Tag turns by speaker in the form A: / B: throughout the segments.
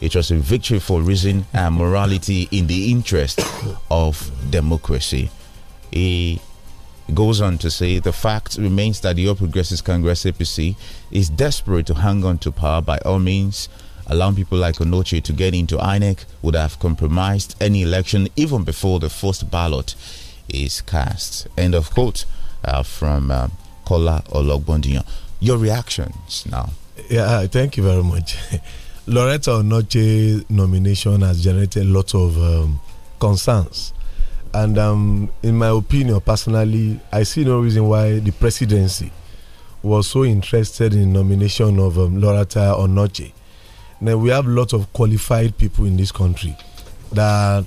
A: It was a victory for reason and
B: morality in the interest of democracy. He goes on to say the fact remains that the All Progressives Congress APC is desperate to hang on to power by all means. Allowing people like Onoche to get into INEC would have compromised any election even before the first ballot is cast. End of quote uh, from um, Kola Ologbondiyan. Your reactions now.
C: Yeah, thank you very much. Loretta Onoche nomination has generated lots of um, concerns. And um, in my opinion, personally, I see no reason why the presidency was so interested in nomination of um, Loretta Onoche. Now we have lots of qualified people in this country that are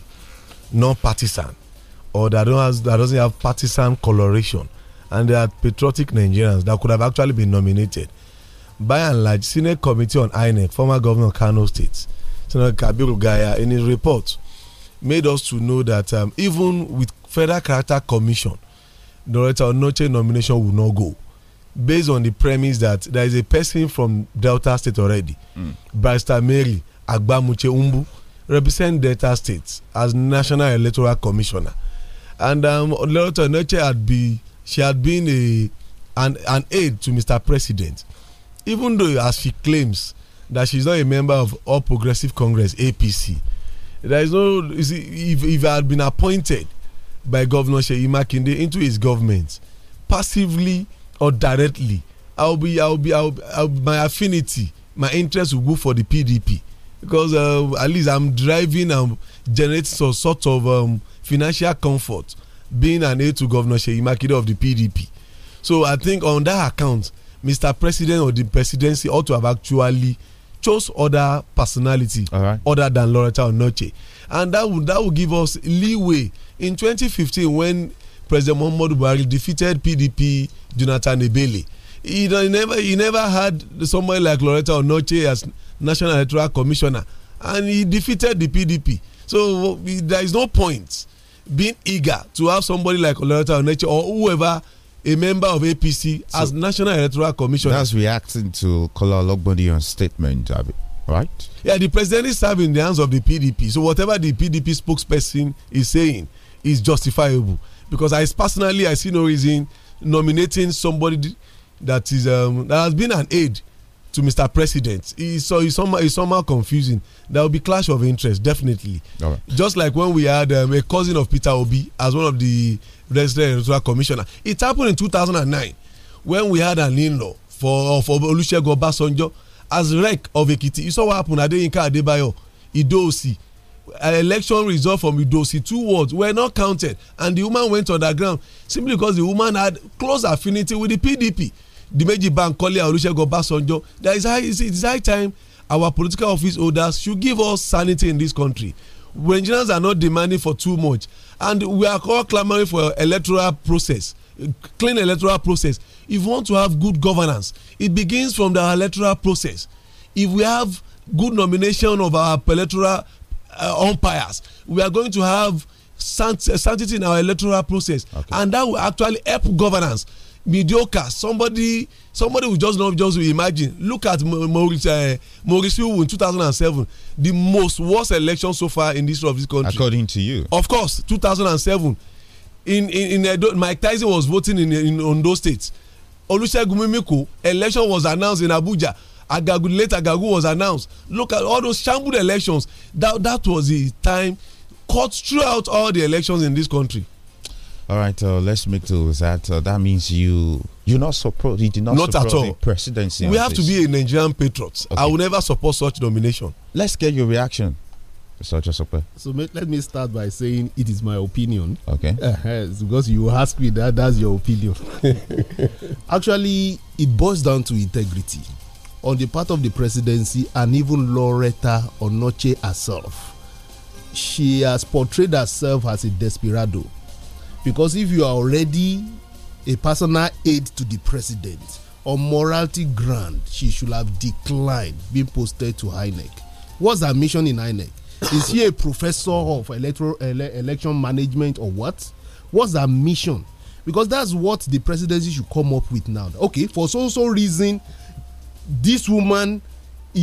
C: non-partisan or that, don't has, that doesn't have partisan coloration and they are patriotic Nigerians that could have actually been nominated by and large, Senate Committee on INEC, former governor of Kano State, Senator Kabiru Gaya, in his report, made us to know that um, even with Federal Character Commission, Doretta Onoche nomination will not go based on the premise that there is a person from Delta State already, mm. Barrister Mary Agbamuche Umbu, represent Delta State as National Electoral Commissioner. And um, Doretta Onoche had been she had been a an, an aide to Mr. President even though as she claims that she's not a member of All Progressive Congress APC, there is no you see, if if I had been appointed by Governor Sheyi Makinde into his government, passively or directly, I'll be I'll be, I'll, my affinity, my interest will go for the PDP because uh, at least I'm driving and generating some sort of um, financial comfort being an aide to Governor Sheyi Makinde of the PDP. So I think on that account, Mr. President or the presidency ought to have actually chose other personality right. other than Loretta Onoche. And that would that would give us leeway in 2015 when President Muhammadu Buhari defeated PDP Jonathan Ebele. He, he, never he never had somebody like Loretta Onoche as National Electoral Commissioner, and he defeated the PDP. So there is no point being eager to have somebody like Loretta Onoche or whoever a member of APC so as National Electoral Commission. That's reacting to Kola
B: Ologbondiyan's statement, right?
C: Yeah, the president is serving the hands of the PDP. So whatever the PDP spokesperson is saying is justifiable. Because I personally, I see no reason nominating somebody that is um, that has been an aide to Mr. President. It's, so, it's, somehow, it's somehow confusing. There will be clash of interest, definitely. Right. Just like when we had um, a cousin of Peter Obi as one of the resident electoral commissioner. It happened in 2009 when we had an in-law for, uh, for Olusegun Obasanjo as rec of Ekiti. You saw what happened Adeyinka Adebayo, Idosi. Uh, election result from Idosi two wards were not counted and the woman went underground simply because the woman had close affinity with the PDP The di méjì Bankole Olúṣẹ́gun Ọbásanjọ́ that is high it is high time our political office holders should give us sanity in this country Nigerians are not demanding for too much and we are all clamoring for electoral process clean electoral process if we want to have good governance it begins from the electoral process if we have good nomination of our electoral uh, umpires we are going to have uh, sanctity in our electoral process okay. and that will actually help governance mediocre somebody somebody who just not just imagine look at maurice uh, maurice in 2007 the most worst election so far in the history of this country
B: according to you
C: of course 2007 in in, in mike tyson was voting in in those states. olusegun mimiko election was announced in abuja agagu late agagu was announced look at all those shambled elections that that was the
B: time cut throughout all the elections in this country all right, uh, let's make do that. Uh, that means you you're not support. You did not, not at all. presidency. We have this. to be a
C: Nigerian patriot. Okay. I will
B: never support such nomination. Let's get your reaction. So
D: let me start by saying it is my opinion. Okay. Eh, eh, because you asked me that, that's your opinion. Actually, it boils down to integrity on the part of the presidency and even Loretta Onoche herself. She has portrayed herself as a desperado because if you are already a personal aide to the president on morality ground she should have declined being posted to INEC what's her mission in INEC is she a professor of electoral ele election management or what what's her mission because that's what the presidency should come up with now okay for so so reason this woman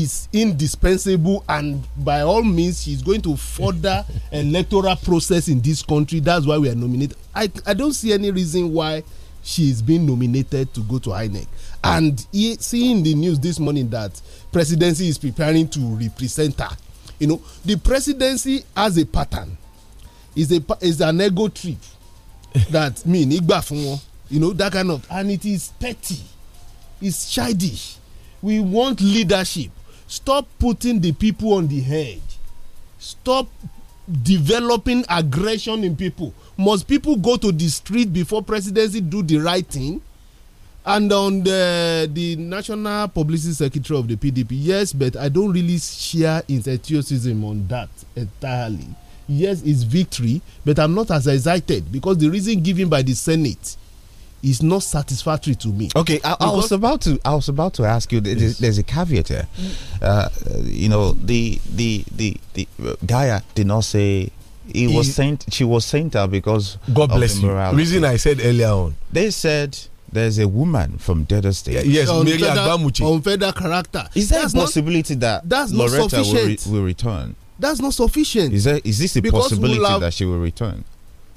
D: is indispensable and by all means she is going to further electoral process in this country that's why we are nominated i i don't see any reason why she is being nominated to go to inec and he, seeing the news this morning that presidency is preparing to represent her you know the presidency has a pattern is a is an ego trip that mean Igba fun wọn you know that kind of and it is petty it's childish we want leadership Stop putting the people on the head. Stop developing aggression in people. Must people go to the street before presidency do the right thing? And on the, the National Publicity Secretary of the PDP, yes, but I don't really share enthusiasm on that entirely. Yes, it's victory, but I'm not as excited because the reason given by the Senate is not satisfactory to me. Okay, I, I, was
B: about to. I was about to ask you. There's, yes. there's a caveat here. Uh, you know, the the the the uh, Gaia did not say he, he was sent. She was sent out because God bless you. Reason I said earlier on. They said there's a woman from Delta State. yes, on Mary Agbamuchi.
D: On further character. Is there that's a possibility not, that that's Loretta not Will, re,
B: will return? That's not sufficient. Is there? Is this a because possibility we'll have, that she will return?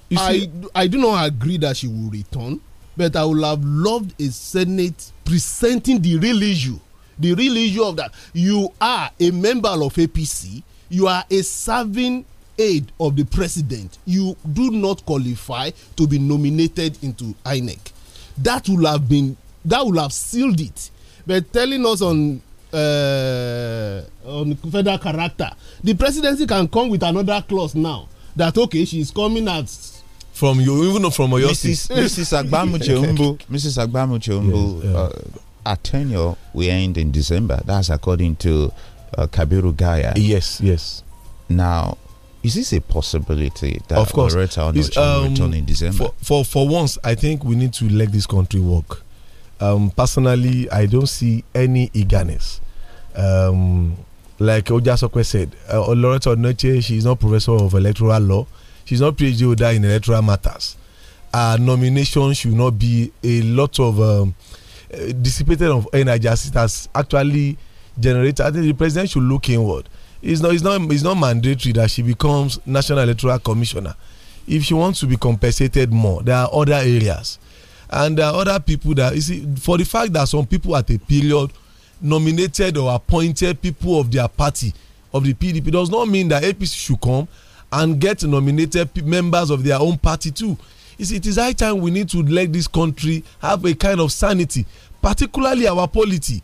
D: See, I I do not agree that she will return but I would have loved a Senate presenting the real issue, the real issue of that. You are a member of APC, you are a serving aide of the president, you do not qualify to be nominated into INEC. That would have been, that would have sealed it. But telling us on uh, on federal character, the presidency can come with another clause now that okay, she is coming as. from you, even from
B: your Mrs. Mrs. Agbamuche Umbu, Mrs. Agbamuche Umbu, yes, uh, tenure will end in December. That's according to uh, Kabiru Gaya. Yes, yes. Now, is this a possibility that of course Loretta um, return in December? For,
C: for for once, I think we need to let this country work. Um, personally, I don't see any eagerness. Um, like Oja said, uh, Loretta Onoche, she is not professor of electoral law she's not PhD holder in electoral matters. Her nomination should not be a lot of um, eh, dissipated of energy as it has actually generated. I think the president should look inward. It's not, it's not, it's not mandatory that she becomes national electoral commissioner. If she wants to be compensated more, there are other areas, and there are other people that you see for the fact that some people at a period nominated or appointed people of their party of the PDP does not mean that APC should come and get nominated members of their own party too. It's, it is high time we need to let this country have a kind of sanity, particularly our polity.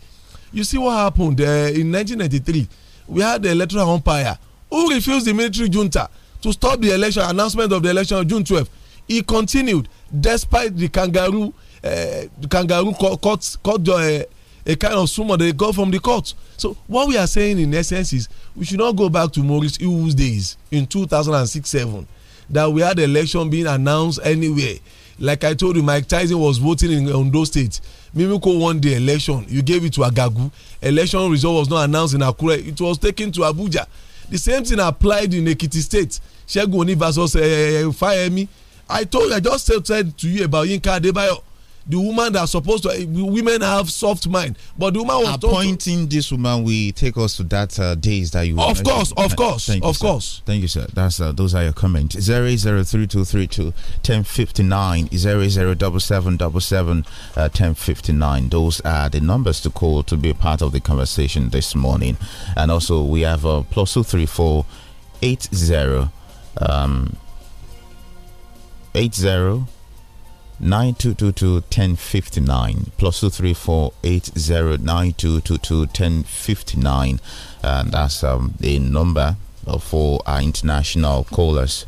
C: You see what happened uh, in 1993? We had the electoral umpire who refused the military junta to stop the election announcement of the election on June 12. He continued despite the kangaroo, uh, eh, the kangaroo court, court, uh, a kind of summons they got from the court. So what we are saying in essence is we should not go back to Maurice Iwu's days in 2006 7 that we had election being announced anywhere. Like I told you, Mike Tyson was voting in Ondo State. Mimiko won the election. You gave it to Agagu. Election result was not announced in Akure. It was taken to Abuja. The same thing applied in Ekiti State. Segun Oni versus eh, uh, eh, eh, Fayemi. I told you, I just said to you about Yinka Adebayo the woman that's supposed to eh, women have soft mind but the woman was appointing
B: this woman will take us to that uh, days that you of course of course thank of you, course sir. thank you sir that's uh, those are your comments 003232 1059 uh, 1059 those are the numbers to call to be a part of the conversation this morning and also we have uh, plus plus two three four eight zero, um 80 9222 1059 plus 234 and that's um, the number for our uh, international callers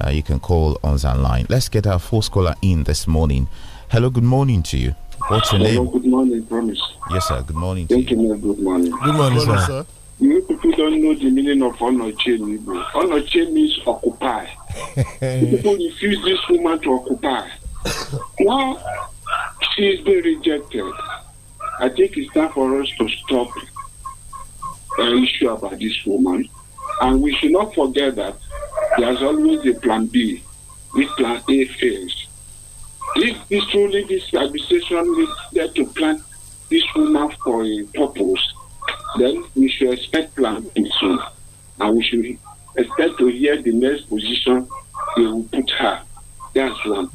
B: uh, you can call on that line let's get our first caller in this morning hello good morning to you what's your hello, name
A: good morning promise yes sir good morning thank you, you good morning good morning, good morning sir. sir you people don't know the meaning of honor chain honor chain means occupy people refuse this woman to occupy well, she is being rejected? I think it's time for us to stop the issue about this woman. And we should not forget that there's always a plan B if plan A fails. If this truly this administration is there to plan this woman for a purpose, then we should expect plan B soon. And we should expect to hear the next position they will put her. That's one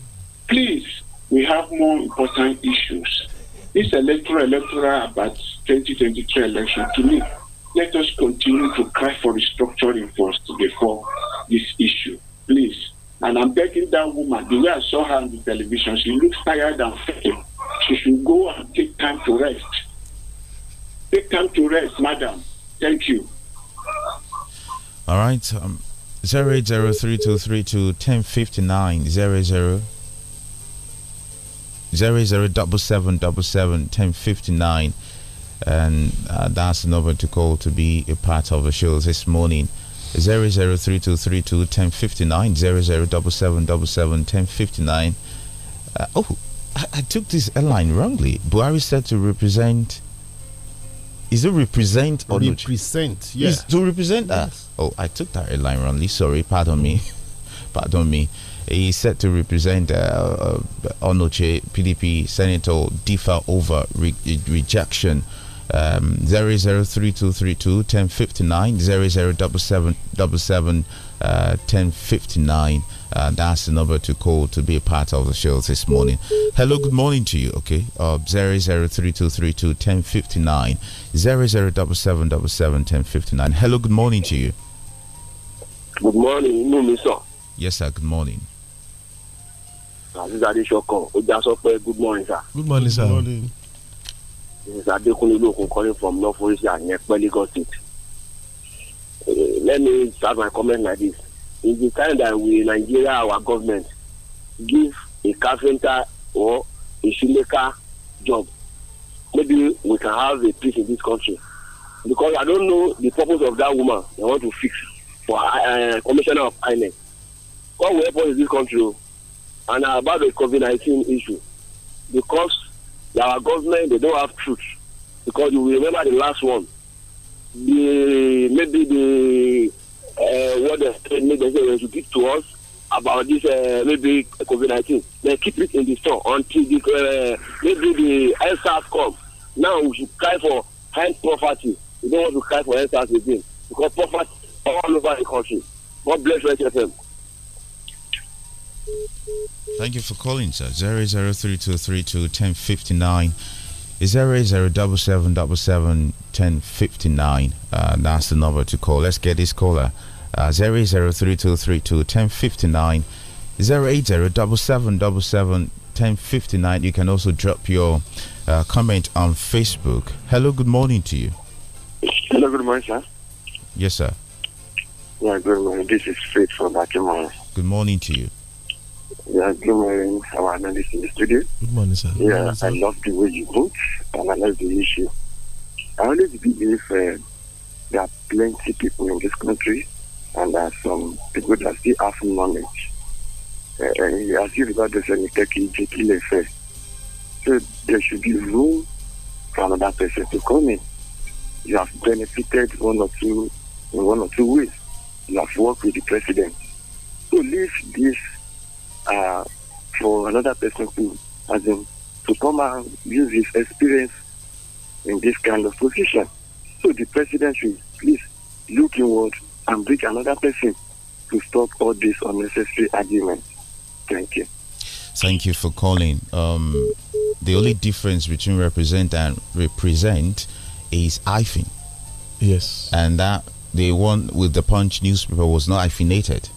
A: please, we have more important issues. This electoral electoral about 2023 election, to me, let us continue to cry for restructuring first before this issue, please. And I'm begging that woman, the way I saw her on the television, she looks tired and faint. She should go and take time to rest. Take time to rest, madam. Thank you.
B: All right. Um, to 1059 00 zero zero double seven double seven ten fifty nine, and uh, that's the number to call to be a part of the show this morning. Zero zero three two three two ten fifty nine zero zero double seven double seven ten fifty nine. Uh, oh, I, I, took this airline wrongly. Buhari said to represent. Is it represent or represent? Yeah. to represent uh, yes. us. Oh, I took that airline wrongly. Sorry, pardon me, pardon me. He's set to represent uh, Onoche uh, PDP Senator Difa over re rejection. Um, 003232 1059 uh, 1059. Uh, that's the number to call to be a part of the show this morning. Hello, good morning to you. Okay, uh, 003232 1059 1059. Hello, good morning to you.
A: Good morning,
E: Mumisa.
B: Yes, sir, good morning.
E: aziz adesokan ojasọpẹ good morning sir. good morning sir. Good morning. this is adekunle olokun calling from north orisa yẹpẹ lagos state. Uh, let me start my comment like this In the time that we nigeria our government give a carpenter or a shoemaker job maybe we can have a peace in this country because i don't know the purpose of that woman they want to fix for uh, uh commissioner of inec god will help us in this country o oh and about the COVID-19 issue because our government they don't have truth because you remember the last one the maybe the uh, what the state made them say give to us about this uh, maybe COVID-19 they keep it in the store until the uh, maybe the answers come now we should cry for high poverty we don't want to cry for answers again because poverty all over the country God bless Red FM.
B: Thank you for calling, sir. 003232159 007771059. Uh, that's the number to call. Let's get this caller. Uh, 003232159 08077771059. You can also drop your uh, comment on Facebook. Hello, good morning to you.
A: Hello, good morning, sir. Yes, sir. Yeah, good morning. This is Faith from Akimara.
B: Good morning to you.
A: Yeah, good morning, our analyst in the studio. Good morning, sir. Yeah, morning, sir. I love the way you look and I love the issue. I always believe uh, there are plenty people in this country and there are some people that still have knowledge. Uh, as you regard this, and you So there should be room for another person to come in. You have benefited one or two in one or two ways. You have worked with the president. So leave this uh, for another person to, as in, to come and use his experience in this kind of position. So the president should please look inward and bring another person to stop all these unnecessary arguments. Thank you.
B: Thank you for calling. Um, the only difference between represent and represent is hyphen. Yes. And that the one with the Punch newspaper was not hyphenated.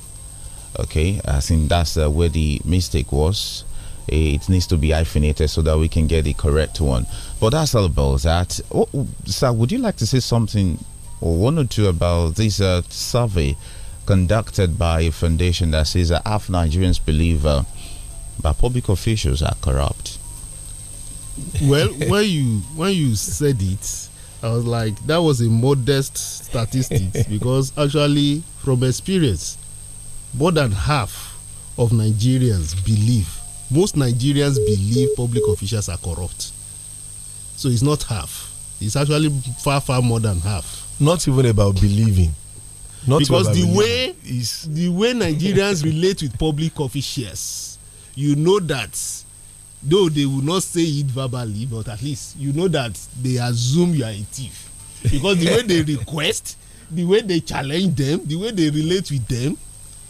B: Okay, I think that's uh, where the mistake was. Eh, it needs to be hyphenated so that we can get the correct one. But that's all about that. Oh, sir, would you like to say something or one or two about this uh, survey conducted by a foundation that says that half Nigerians believe uh, that public officials are corrupt?
D: Well, when you when you said it, I was like, that was a modest statistic because actually, from experience, more than half of Nigerians believe, most Nigerians believe public officials are corrupt. So it's not half. It's actually far, far more than half. Not even about believing. Not because the way is the way Nigerians relate with public officials, you know that though they will not say it verbally, but at least you know that they assume you are a thief. Because the way they request, the way they challenge them, the way they relate with them,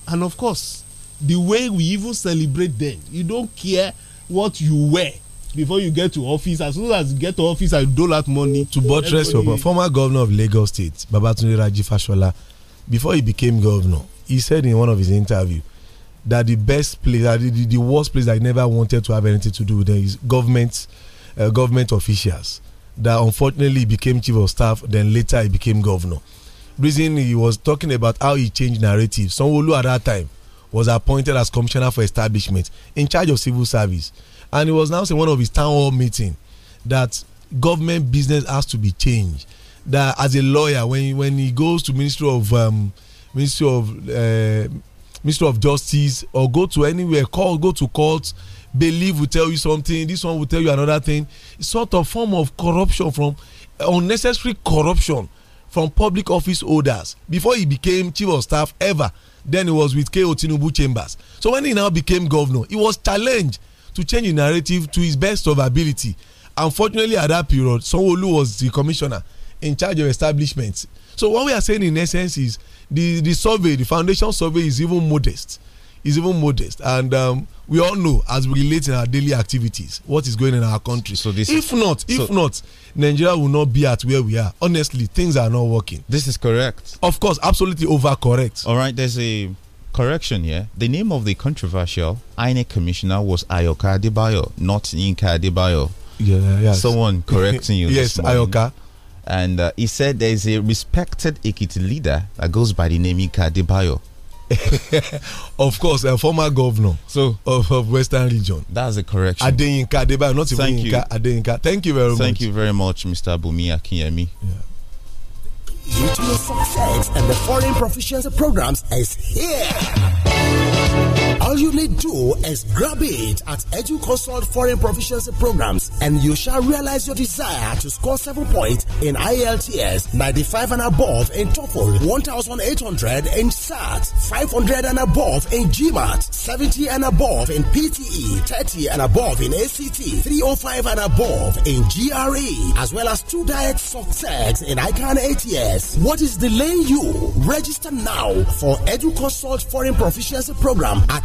D: and of course the way we even celebrate them you don't care what you wear before you get to office as soon as you get to office and you dole out money. to buttress your former
C: governor of lagos state babatunde raji fashola before he became governor he said in one of his interview that the best place that the, the, the worst place i never wanted to have anything to do with them is government uh, government officials that unfortunately became chief of staff then later he became governor reason he was talking about how he changed narrative sanwóolu at that time was appointed as commissioner for establishment in charge of civil service and he was now saying one of his town hall meeting that government business has to be changed that as a lawyer when when he goes to ministry of um, ministry of uh, ministry of justice or go to anywhere call go to court believe will tell you something this one will tell you another thing sort of form of corruption from unnecessary corruption from public office holders before he became chief of staff ever then he was with ko tinubu chambers so when he now became governor he was challenged to change the narrative to his best of ability unfortunately at that period sanwoolu was the commissioner in charge of establishments so what we are saying in essence is the the survey the foundation survey is even modest is even modest and um, we all know as we relate in our daily activities what is going in our country so this if not if so not nigeria will not be at where we are honestly things are not working this is correct of course absolutely over correct
B: all right there's a correction here the name of the controversial INEC commissioner was ayoka adebayo not inka adebayo yeah, yeah. someone correcting you yes ayoka and uh, he said there is a respected Ekiti leader that goes by the name Inka Adebayo
C: of course, a former governor so of, of Western Region.
B: That's a correction. Adeyinka
F: Adebayo, not
C: even Inka,
B: Adeyinka. Thank you very Thank much. Thank you very much, Mr. Bumi Akinyemi. Yeah.
F: UTS Success and the Foreign Proficiency Programs is here valiantly do is grab it at EduConsult Foreign Proficiency Programs, and you shall realize your desire to score seven points in IELTS, 95 and above in TOEFL, 1,800 in SAT, 500 and above in GMAT, 70 and above in PTE, 30 and above in ACT, 305 and above in GRE, as well as two direct
G: soft in
F: ICANN ATS. What is delaying you? Register now for EduConsult Foreign Proficiency Program at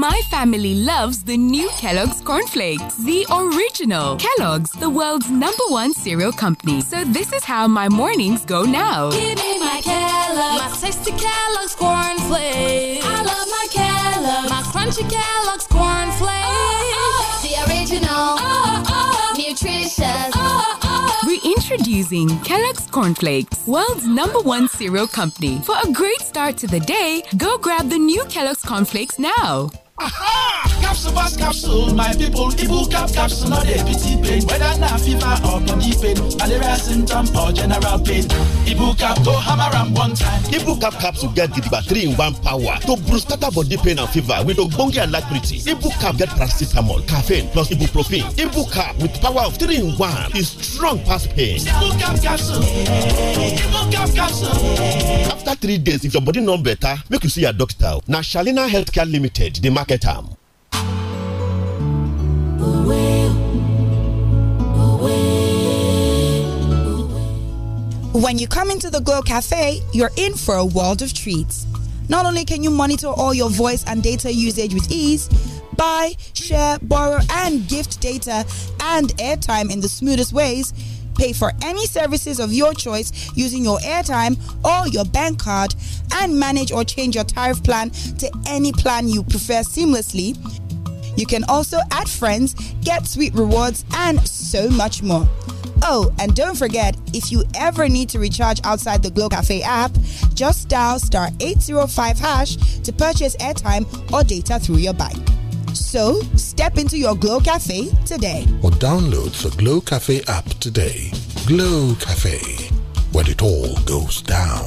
H: My family loves the new Kellogg's cornflakes, the original. Kellogg's, the world's number one cereal company. So this is how my mornings go now. Give
I: me my Kellogg's, my tasty Kellogg's cornflakes. I love my Kellogg's, my crunchy Kellogg's cornflakes. Oh, oh. oh. The original, oh,
J: oh. nutritious. Oh,
H: Reintroducing Kellogg's Cornflakes, world's number one cereal company. For a great start to the day, go grab the new Kellogg's Cornflakes now.
K: capsule pass capsule my people igbu cap capsule no dey pity pain whether na fever or body pain malaria symptom or general pain igbu
L: cap go hammer am one time igbu cap capsule get gidigba three in one power to boost scatter body pain and fever with ogbonge alacrity igbu cap get paracetamol caffeine plus ibuprofen igbu cap with power of three in one e strong pass pain igbu
M: cap capsule igbu cap
L: capsule after three days if your body no better make you see your doctor na shalina healthcare limited dey market When
N: you come into the Glow Cafe, you're in for a world of treats. Not only can you monitor all your voice and data usage with ease, buy, share, borrow, and gift data and airtime in the smoothest ways pay for any services of your choice using your airtime or your bank card and manage or change your tariff plan to any plan you prefer seamlessly. You can also add friends, get sweet rewards, and so much more. Oh, and don't forget, if you ever need to recharge outside the Glow Cafe app, just dial star 805 hash to purchase airtime or data through your bank. So, step into your Glow Cafe today.
D: Or
O: download the Glow Cafe app today. Glow
L: Cafe, where it all goes down.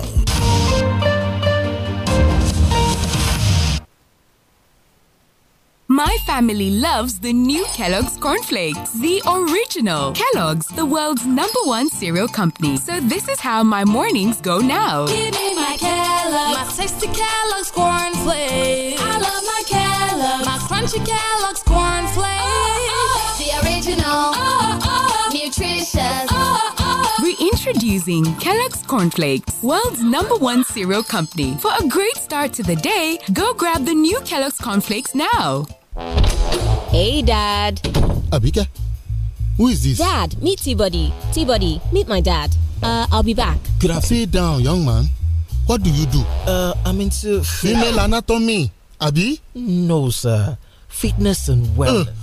H: My family loves the new Kellogg's cornflakes, the original. Kellogg's, the world's number one cereal company. So this is how my mornings go now. Give
I: me my Kellogg's, my tasty Kellogg's cornflakes. Kellogg's. My crunchy Kellogg's corn flakes. Oh, oh, oh, the original.
J: Oh, oh, oh. nutritious.
H: Reintroducing Kellogg's Corn Flakes, world's number one cereal company. For a great start to the day, go grab the new Kellogg's Corn Flakes now. Hey, Dad.
D: Abika, who is
L: this?
H: Dad, meet T-Buddy. t meet my dad. Uh, I'll be back.
D: Could I sit
L: down, young man? What do you do? Uh, I'm into... Female anatomy àbí. no sir fitness and uh, wellness. Uh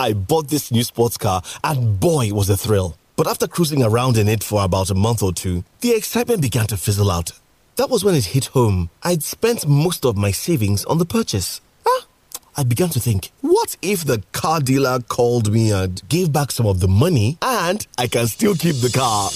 F: I bought this new sports car, and boy, was a thrill. But after cruising around in it for about a month or two, the excitement began to fizzle out. That was when it hit home. I'd spent most of my savings on the purchase. Ah! I began to think, what if the car dealer called me and gave back some of the money
P: and
G: I can still keep the car?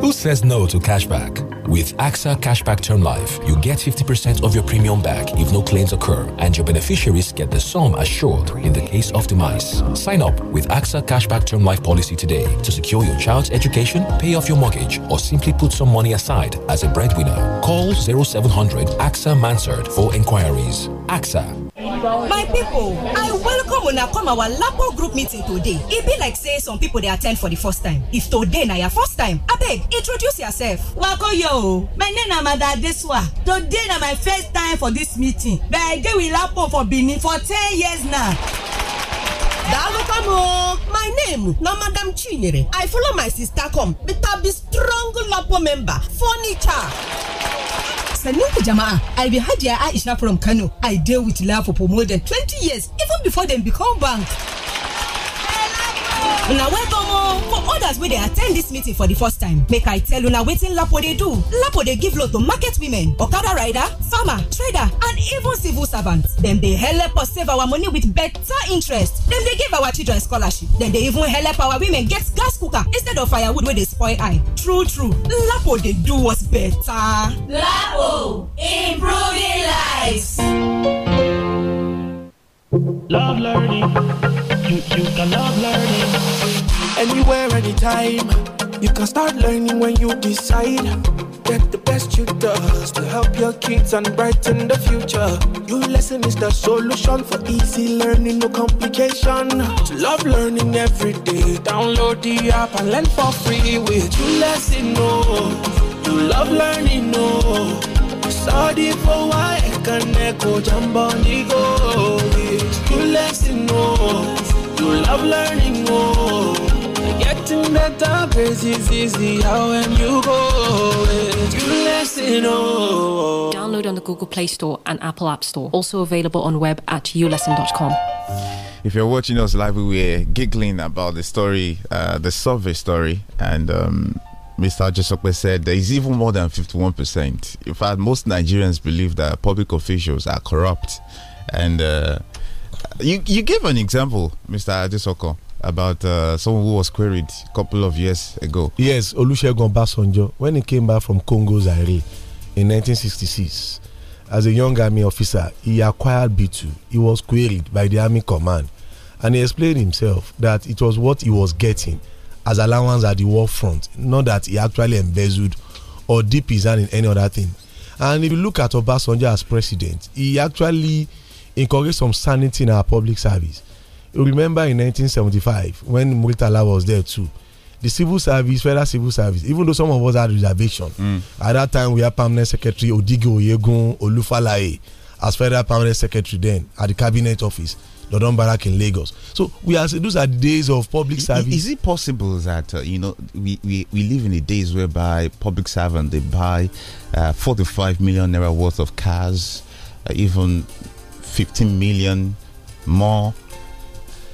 P: Who says no to cashback? With AXA Cashback Term Life, you get 50% of your premium back if no claims occur, and your beneficiaries get the sum assured in the case of demise. Sign up with AXA Cashback Term Life policy today to secure your child's education, pay off your mortgage, or simply put some money aside as a breadwinner. Call 0700 AXA Mansard for inquiries. AXA
J: my people, i welcome
N: una come our lapo group meeting today It e be like say some people they attend for the first time if today na your first time I beg introduce yourself. Wako yo, my name na mada adesuwa today na my first time for this meeting but i dey with lapo for benin for ten years now. daalụkwanụ my name na madam chinyere i follow my sister come beta be strong lapo member furniture sannunku jama'a i be hajiya aisha from kano i deal with lafo for more than twenty years even before them become bank. una welcome o for others wey dey attend this meeting for the first time make i tell una wetin lapo they do lapo they give loan to market women okada rider farmer trader and even civil servants. dem they help us save our money with better interest dem they give our children scholarship dem they even help our women get gas cooker instead of firewood where they spoil eye true true lapo they do us better. Lapo improving lives.
K: Love learning. You, you can love learning. Anywhere, anytime. You can start learning when you decide. Get the best you does to help your kids and brighten the future. Your lesson is the solution for easy learning, no complication. To love learning every day. Download the app and learn for free with your lesson. Oh. You love learning, no. Sorry for why I can echo jump on the go. You lesson, no. You love learning, no. Getting better, grace is easy. How am you go? You lesson, no.
H: Download on the Google Play Store and Apple App Store. Also available
N: on web at ulesson.com
B: if you're watching us live, we were giggling about the story, uh, the survey story, and um, Mr. Ajisokwe said there is even more than 51%. In fact, most Nigerians believe that public officials are corrupt. And uh, you, you gave an example, Mr. Ajisoko, about uh, someone who was queried a couple of years ago.
C: Yes, Olusegun Basanjo, when he came back from Congo Zaire in 1966, as a young army officer, he acquired B2. He was queried by the army command and he explained himself that it was what he was getting as allowance at the war front not that he actually embezzled or deep his hand in any other thing and if you look at obasanjo as president he actually encouraged some sanity in our public service you remember in 1975 when muritala was there too the civil service federal civil service even though some of us had reservation mm. at that time we had permanent secretary odigi oyegun olufalaye as federal permanent secretary then at the cabinet office Dodon in Lagos.
B: So we are those are days of public service. Is it possible that uh, you know we, we we live in the days whereby public servant they buy uh, 45 million naira worth of cars, uh, even 15 million more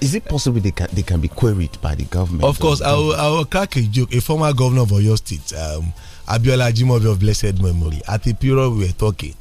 B: is it possible they can, they can be queried by the government? Of course, I will,
C: I will crack a joke. A former governor of Oyo State, um, Abiola Jimobi of blessed memory, at the period we were talking,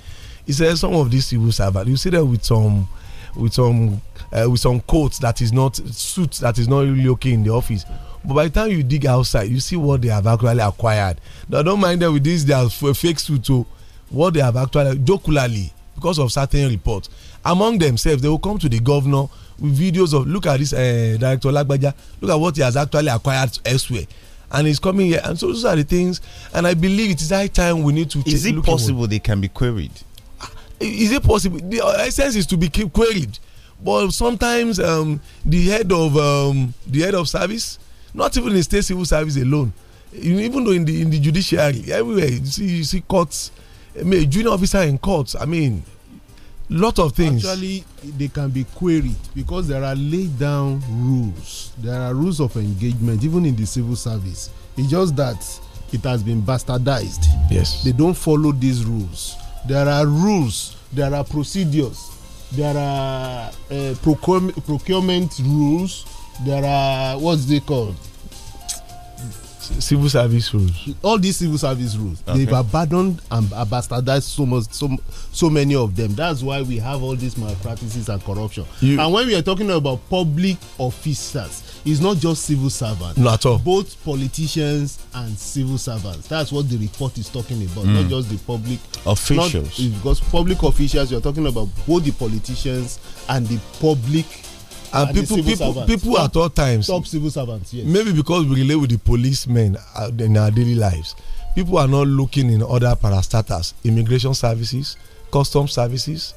C: he said some of these civil servants, you see them with some with some uh, with some coats that is not suit that is not really okay in the office but by the time you dig outside you see what they have actually acquired now don't mind them with this are fake suit too oh. what they have actually jocularly because of certain reports among themselves they will come to the governor with videos of look at this uh, director lagbaja look at what he has actually acquired elsewhere and is coming here and so those are the things and i believe it is high time we need to. is it possible
B: they can be queried.
C: Ah, is it possible the uh, essence is to be queried but sometimes um, the head of um, the head of service not even in state civil service alone even though in the in the judiciary everywhere you see you see courts I mean, a junior officer in courts i mean lot of things.
D: actually they can be queried because there are laid down rules there are rules of engagement even in the civil service it's just that it has been bastardized. yes they don't follow these rules there are rules there are procedures there are uh, procurement, procurement rules, there are what's they called?
C: civil service rules.
D: All these civil service rules. Okay. They've abandoned and bastardized so much, so, so many of them. That's why we have all these malpractices and corruption. You, and when we are talking about public officers, it's not just civil servants. Not at all. Both politicians and civil servants. That's what the report is talking about. Mm. Not just the public officials. Not, because public officials, you're talking about both the politicians and the public and, and people people servants. people at all times top civil servants yes maybe
C: because we relate with the policemen uh, in our daily lives people are not looking in other parastatals immigration services custom services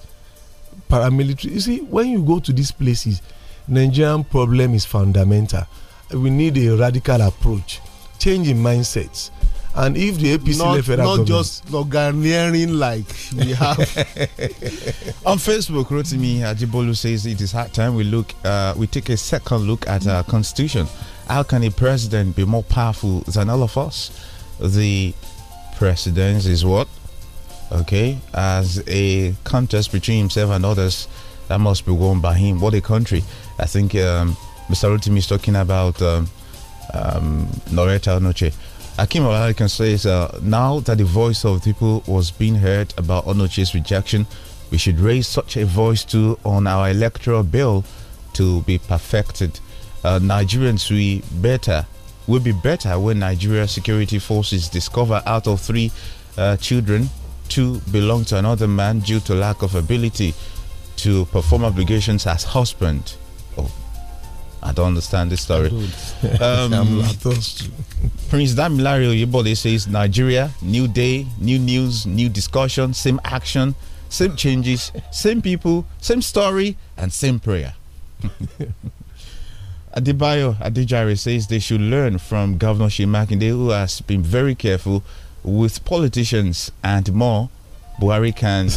C: paramilitary you see when you go to these places nigerian problem is fundamental we need a radical approach change in mindsets and if the APC not, left federal not
D: government. just Logarneering like we have.
B: On Facebook, me Ajibolu says it is hard time we look, uh, we take a second look at our constitution. How can a president be more powerful than all of us? The president is what? Okay, as a contest between himself and others that must be won by him. What a country! I think um, Mr. Rotimi is talking about um, um, Noreta Noche. Akim Olalekan says, uh, now that the voice of the people was being heard about Onoche's rejection, we should raise such a voice too on our electoral bill to be perfected. Uh, Nigerians we better will be better when Nigeria security forces discover out of three uh, children, two belong to another man due to lack of ability to perform obligations as husband. Oh, I don't understand this story. Um, Prince Damilari Oyebode says Nigeria, new day, new news, new discussion, same action, same changes, same people, same story, and same prayer. Adibayo Adejare says they should learn from Governor Shimakinde, who has been very careful with politicians and more. Buhari can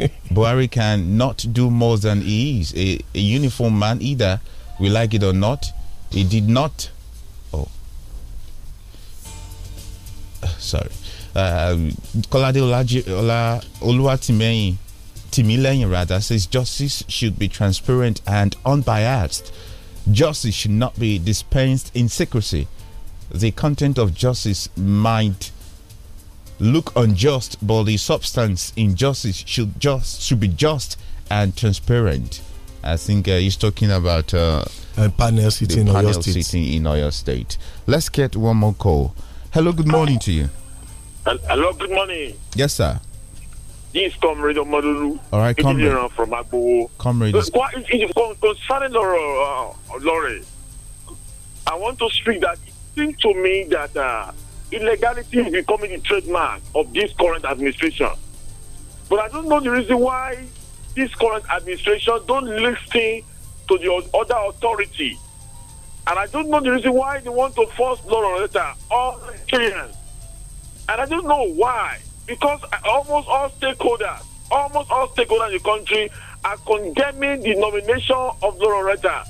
B: Buhari can not do more than he is a, a uniform man either. We like it or not, it did not. Oh, sorry. Um, Kolade uh, Oluwatimeyin Timileyin rather says justice should be transparent and unbiased. Justice should not be dispensed in secrecy. The content of justice might look unjust, but the substance in justice should just should be just and transparent. I think uh, he's talking about uh, a panel sitting the panel in Oyo State. Sitting in your State. Let's get one more call. Hello, good morning to you.
E: Hello, good morning. Yes, sir. This is Comrade Omadulu. All right, Comrade. from Abu. Comrade. Concerning uh, uh I want to speak that it seems to me that uh, illegality is becoming the trademark of this current administration. But I don't know the reason why this current administration don't listen to the other authority. And I don't know the reason why they want to force Loretta all Nigerians. And I don't know why. Because almost all stakeholders, almost all stakeholders in the country are condemning the nomination of Loretta.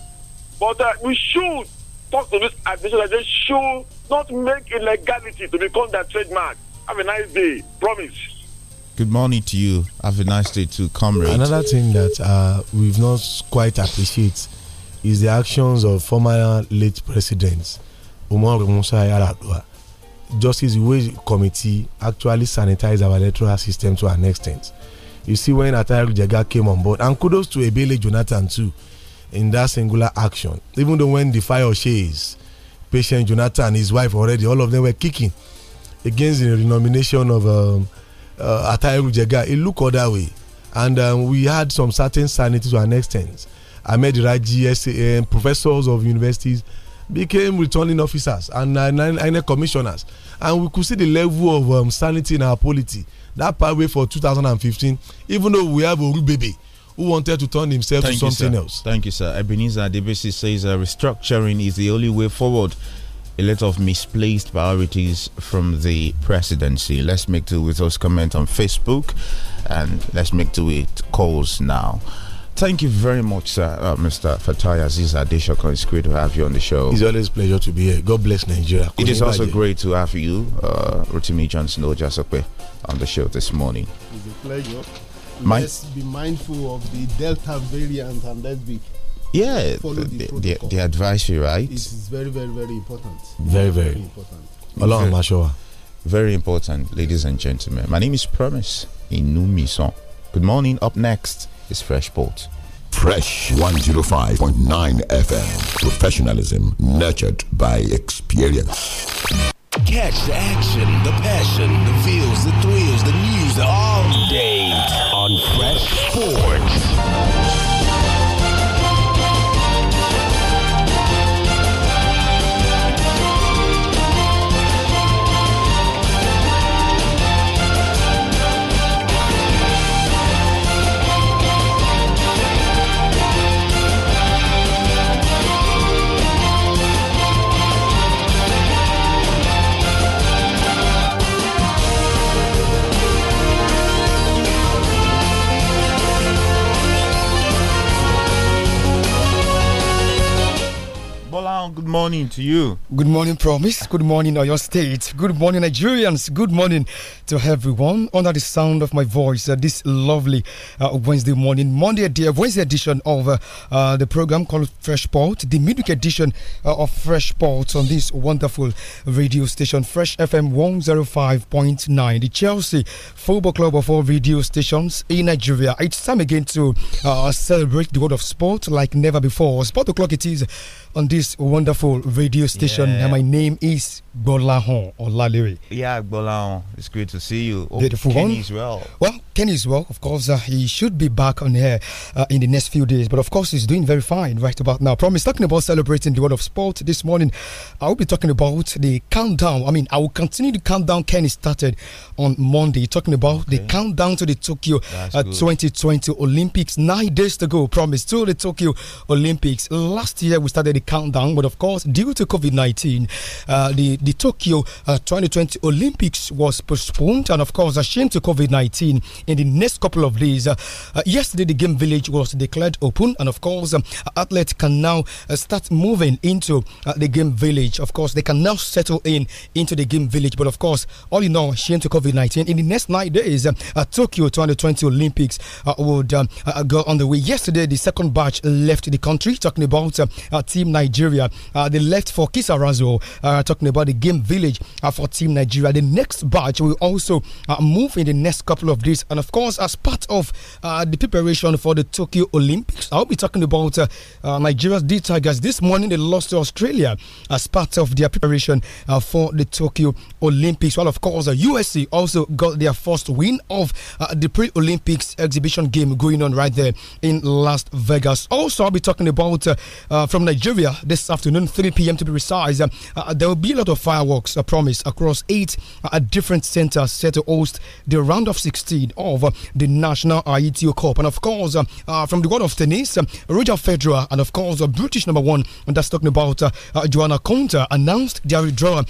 E: But uh, we should talk to this administration they should not make illegality to become their trademark. Have a nice day. Promise.
B: Good morning to you. Have a nice day too, comrade. Another thing that
C: uh, we've not quite appreciate is the actions of former late president Umar Musa Yaradua. Justice Wage Committee actually sanitized our electoral system to an extent. You see, when Atari Jaga came on board, and kudos to Ebele Jonathan too, in that singular action. Even though when the fire shades, patient Jonathan, and his wife already, all of them were kicking against the renomination of um, uh, the Jega, it looked other way. And um, we had some certain sanity to an extent. I the right SAM, professors of universities became returning officers and uh, INEC commissioners. And we could see the level of um, sanity in our polity. That pathway for 2015, even though we have a baby who wanted to turn himself Thank to something you, else.
B: Thank you, sir. Ebenezer Debesi says uh, restructuring is the only way forward a lot of misplaced priorities from the presidency. Let's make do with those comments on Facebook and let's make do with calls now. Thank you very much, sir, uh, Mr. Fatai Aziz Adeshoko. It's great to have you on the show. It's always a
C: pleasure to be here. God bless
B: Nigeria. It is also great to have you, uh, Rotimi Johnson Ojasope, on the show this morning.
D: It's a pleasure. My let's be mindful of the Delta variant and let's be yeah, follow the, the, the, the
B: advisory, right?
D: It's very, very, very important. Very, very, very important. very,
B: very important, ladies and gentlemen. My name is Promise Inumison. Good morning. Up next is Fresh Port. Fresh 105.9 FM. Professionalism nurtured
L: by experience.
F: Catch the action, the passion, the feels, the thrills, the news all day on Fresh Sports.
Q: Good morning to you. Good morning, Promise. Good morning, Oyo State. Good morning, Nigerians. Good morning to everyone under the sound of my voice uh, this lovely uh, Wednesday morning, Monday, dear uh, Wednesday edition of uh, uh, the program called Fresh Port, the midweek edition uh, of Fresh Port on this wonderful radio station, Fresh FM 105.9, the Chelsea Football Club of all radio stations in Nigeria. It's time again to celebrate the world of sport like never before. Sport o'clock it is on this wonderful wonderful radio station. Yeah. my name is Bolahon Olalere.
B: Yeah, Bolahon. It's great to see you. Oh, Beautiful Kenny one. as well.
Q: Well, Kenny as well. Of course, uh, he should be back on air uh, in the next few days. But of course, he's doing very fine right about now. Promise talking about celebrating the world of sport this morning. I will be talking about the countdown. I mean, I will continue the countdown Kenny started on Monday, talking about okay. the countdown to the Tokyo uh, 2020 Olympics. Nine days to go. Promise to the Tokyo Olympics. Last year we started the countdown, but of course, due to COVID 19, uh, the, the Tokyo uh, 2020 Olympics was postponed, and of course, a shame to COVID 19 in the next couple of days. Uh, uh, yesterday, the game village was declared open, and of course, um, athletes can now uh, start moving into the game village. Of course, they can now settle in into the game village, but of course, all in all, shame to COVID 19. In the next nine days, um, Tokyo 2020 Olympics would um, go on the way. Yesterday, the second batch left the country, talking about uh, Team Nigeria. Uh, they left for Kisarazo, uh, talking about the game village uh, for Team Nigeria. The next batch will also move in the next couple of days. And of course, as part of the preparation for the Tokyo Olympics, I'll be talking about Nigeria's D Tigers. This morning, they lost to Australia as part of their preparation for the Tokyo Olympics. Well, of course, the USC also got their first win of the pre Olympics exhibition game going on right there in Las Vegas. Also, I'll be talking about from Nigeria this afternoon noon, 3 p.m. to be precise. Uh, uh, there will be a lot of fireworks, I promise, across eight uh, different centers set to host the round of 16 of uh, the National IETO Cup. And of course, uh, uh, from the world of tennis, Roger Federer and of course, British number one, and that's talking about Joanna Conta, announced their withdrawal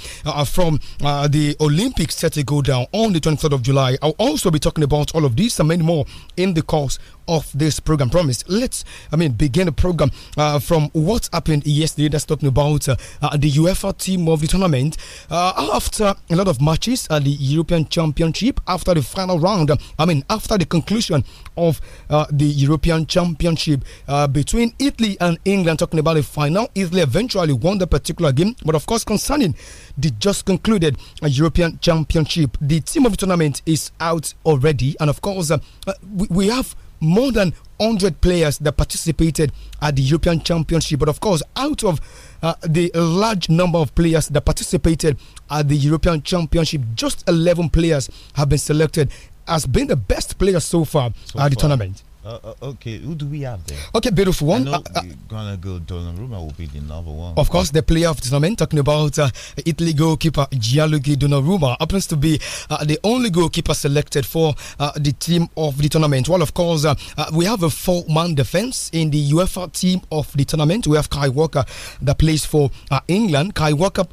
Q: from the Olympics set to go down on the 23rd of July. I'll also be talking about all of this and many more in the course of this program. Promised. Let's, I mean, begin the program uh, from what happened yesterday. That's talking about uh, the UEFA team of the tournament. Uh, after a lot of matches at the European Championship, after the final round, I mean, after the conclusion of uh, the European Championship uh, between Italy and England, talking about the final, Italy eventually won the particular game. But of course, concerning the just concluded European Championship, the team of the tournament is out already. And of course, we, we have more than 100 players that participated at the European Championship. But of course, out of uh, the large number of players that participated at the European Championship, just 11 players have been selected as being the best player so far so at the far. tournament.
B: Uh, uh, okay, who do we have there?
Q: Okay, beautiful one. Uh,
B: gonna go Donnarumma will be the number one. Of course, the
Q: player of the tournament. Talking about uh, Italy goalkeeper Gianluigi Donnarumma happens to be uh, the only goalkeeper selected for uh, the team of the tournament. Well, of course, we have a four-man defense in the UEFA team of the tournament. We have Kai Walker that plays for England. Kai Walker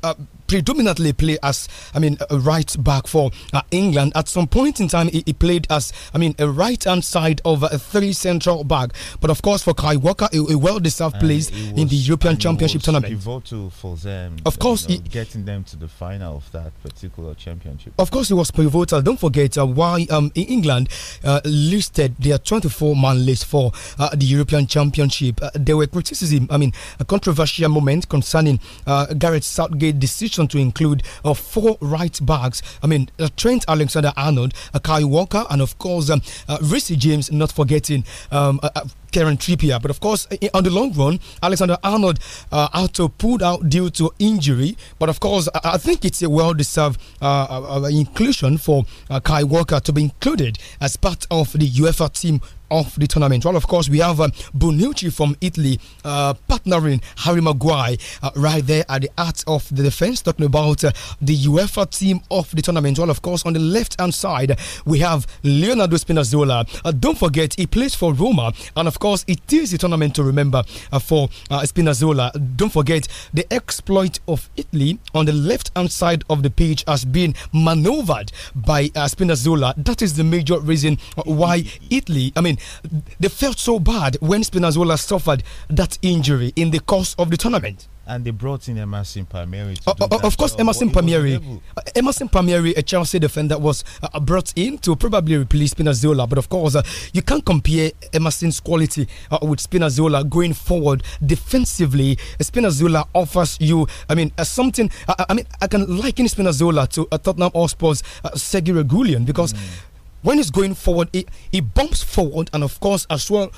Q: predominantly play as, I mean, a right back for uh, England. At some point in time, he, he played as, I mean, a right hand side of a uh, three central back. But of course, for Kai Walker, a, a well deserved place in the European Championship tournament.
B: Pivotal for them. Of course, you know, he, getting them to the final of that particular championship.
Q: Of course, he was pivotal. Don't forget uh, why um, England uh, listed their 24 man list for uh, the European Championship. Uh, there were criticism, I mean, a controversial moment concerning uh, Gareth Southgate's decision option to include uh, four right backs. I mean, uh, Trent Alexander Arnold, uh, Kai Walker, and of course, um, uh, James, not forgetting. Um, uh, uh, Karen Trippier. But of course, on the long run, Alexander Arnold uh, had to pulled out due to injury. But of course, I, I think it's a well deserved uh, uh, uh, inclusion for uh, Kai Walker to be included as part of the UEFA team of the tournament. Well, of course, we have um, Bonucci from Italy uh, partnering Harry Maguire uh, right there at the heart of the defense, talking about uh, the UEFA team of the tournament. Well, of course, on the left hand side, we have Leonardo Spinazzola. Uh, don't forget, he plays for Roma, and of of course, it is a tournament to remember uh, for uh, Spinazzola. Don't forget the exploit of Italy on the left hand side of the pitch has been maneuvered by uh, Spinazzola. That is the major reason uh, why Italy, I mean, they felt so bad when Spinazzola suffered that injury in the course of the tournament
B: and they brought in Emerson Palmieri.
Q: of course, Emerson Palmieri. Uh, Emerson Palmieri, a Chelsea defender, was uh, brought in to probably replace Spinazzola. But of course, uh, you can't compare Emerson's quality uh, with Spinazzola going forward defensively. Spinazzola offers you, I mean, uh, something. Uh, I mean, I can liken Spinazzola to Tottenham Hotspur's uh, Sergio Regulian because. Mm when he's going forward, he, he bumps forward, and of course, as well,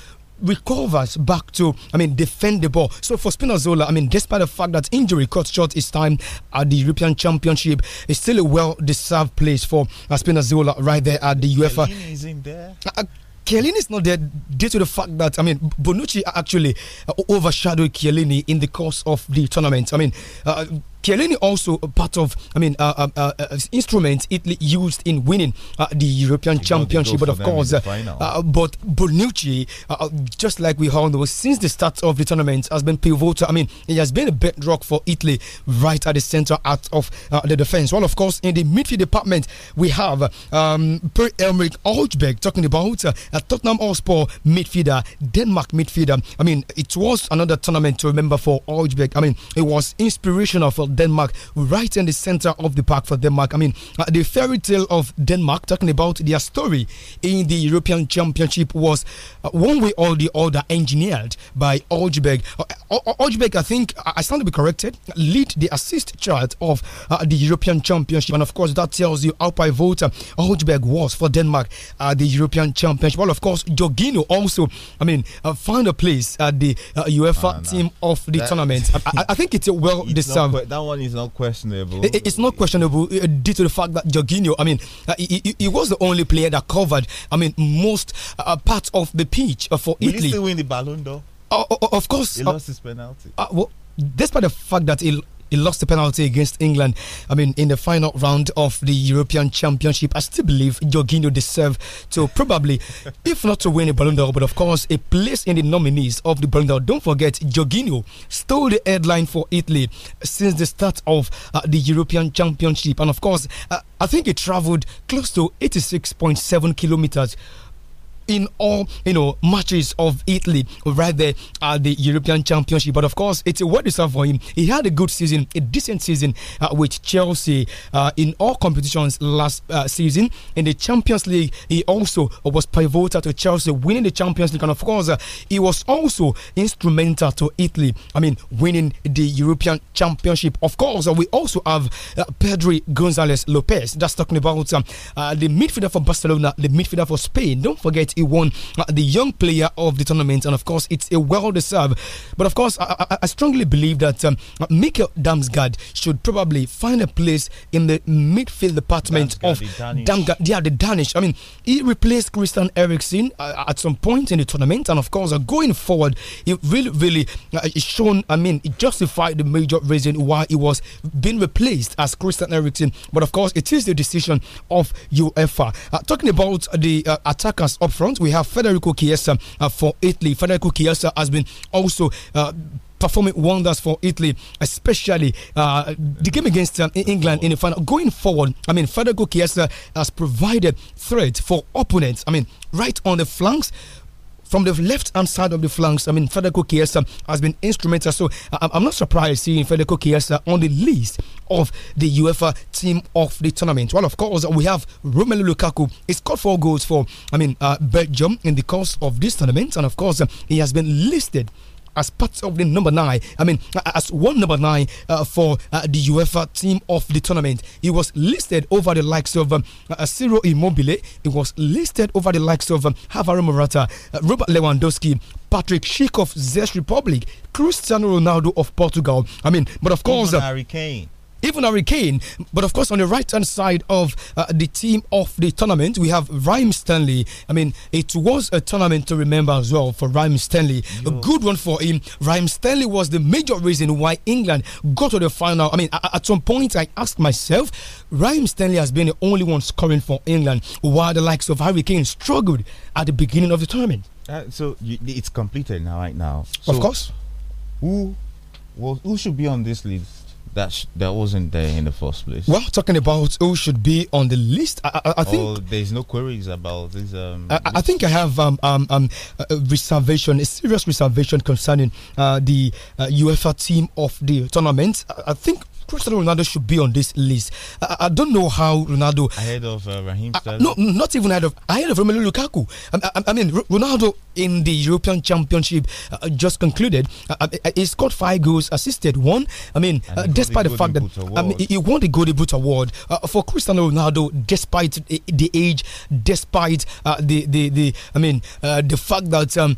Q: recovers back to, I mean, defend the ball. So for Spinazzola, I mean, despite the fact that injury cut short his time at the European Championship, it's still a well deserved place for uh, Spinazzola right there at the UEFA. Is in there. Uh, uh is not there due to the fact that I mean Bonucci actually uh, overshadowed Chiellini in the course of the tournament. I mean, uh, Chiellini also a part of, I mean, uh, uh, uh, uh instrument Italy used in winning uh, the European Championship. But of course, uh, but Bonucci, just like we all know, since the start of the tournament, has been pivotal. I mean, he has been a bedrock for Italy right at the center out of the defense. Well, of course, in the midfield department, we have um, Per Elmerick Olsberg talking about uh, Tottenham Hotspur midfielder, Denmark midfielder. I mean, it was another tournament to remember for Olsberg. I mean, it was inspirational for Denmark, right in the center of the park for Denmark. I mean, uh, the fairy tale of Denmark, talking about their story in the European Championship, was uh, one way or the other engineered by Ojbeg. Uh, Ojbeg, I think, I stand to be corrected, lead the assist chart of uh, the European Championship. And of course, that tells you how pivotal Ojbeg was for Denmark at the European Championship. Well, of course, Jorginho also, I mean, uh, found a place at the UEFA ah, team of the that, tournament. I, I, think it's a well deserved
B: one is not questionable.
Q: It, it's not questionable uh, due to the fact that Jorginho, I mean, uh, he, he, he, was the only player that covered, I mean, most uh, parts of the pitch for Will Italy. Will he still win the Ballon d'Or? Oh, oh, oh, of course. He lost his penalty. Well, despite the fact that he he lost the penalty against England. I mean, in the final round of the European Championship, I still believe Jorginho deserved to probably, if not to win a Ballon d'Or, but of course, a place in the nominees of the Ballon d'Or. Don't forget, Jorginho stole the headline for Italy since the start of uh, the European Championship. And of course, uh, I think he traveled close to 86.7 kilometers in all you know matches of Italy right there at the European Championship. But of course, it's a well deserved for him. He had a good season, a decent season uh, with Chelsea uh, in all competitions last uh, season. In the Champions League, he also was pivotal to Chelsea winning the Champions League, and of course, uh, he was also instrumental to Italy. I mean, winning the European Championship. Of course, uh, we also have uh, Pedri Gonzalez Lopez. That's talking about um, the midfielder for Barcelona, the midfielder for Spain. Don't forget, he won uh, the young player of the tournament, and of course, it's a well deserved. But of course, I, I, I strongly believe that um, Mikel Damsgaard should probably find a place in the midfield department Damsgaard, of the Damsgaard. Yeah, the Danish. I mean, he replaced Christian Eriksen uh, uh, at some point in the tournament, and of course, uh, going forward, he really, really uh, shown. I mean, it justified the major reason why he was being replaced as Christian Eriksen. But of course, it is the decision of UEFA. Uh, talking about the attackers up front front, we have Federico Chiesa uh, for Italy. Federico Chiesa has been also uh, performing wonders for Italy, especially uh, the game against um, England in the final. Going forward, I mean, Federico Chiesa has provided threat for opponents. I mean, right on the flanks, from the left hand side of the flanks, I mean, Federico Chiesa has been instrumental. So I, am not surprised seeing Federico Chiesa on the list of the UEFA team of the tournament. Well, of course, we have Romelu Lukaku. He scored four goals for, I mean, uh, Belgium in the course of this tournament. And of course, uh, he has been listed as part of the number nine. I mean, as one number nine uh, for uh, the UEFA team of the tournament. He was listed over the likes of um, uh, uh Ciro Immobile. He was listed over the likes of um, Havaro Morata, uh, Robert Lewandowski, Patrick Schick of Czech Republic, Cristiano Ronaldo of Portugal. I mean, but of course, uh, Harry Kane even Hurricane. But of course, on the right hand side of uh, the team of the tournament, we have Ryan Stanley. I mean, it was a tournament to remember as well for Ryan Stanley. Yo. A good one for him. Ryan Stanley was the major reason why England got to the final. I mean, at some point, I asked myself, Ryan Stanley has been the only one scoring for England, while the likes of Hurricane struggled at the beginning of the tournament.
B: Uh, so you, it's completed now, right now. So of course. Who, who should be on this list? that sh that wasn't there in the first place. Well,
Q: talking about who should be on the list, I, I, I think oh,
B: there's no queries about this. Um, I,
Q: I, think I have um, um, um, a reservation, a serious reservation concerning uh, the uh, UEFA team of the tournament. I, think Cristiano Ronaldo should be on this list. I, I don't know how Ronaldo ahead of uh, Raheem. I, no, not even ahead of ahead of Romelu Lukaku. I, I, I mean, Ronaldo in the European Championship uh, uh just concluded. Uh, uh he scored five goals, assisted one. I mean, uh, despite the, the fact that he won the Golden Boot award for Cristiano Ronaldo, despite the age, despite the the the I mean the fact that um,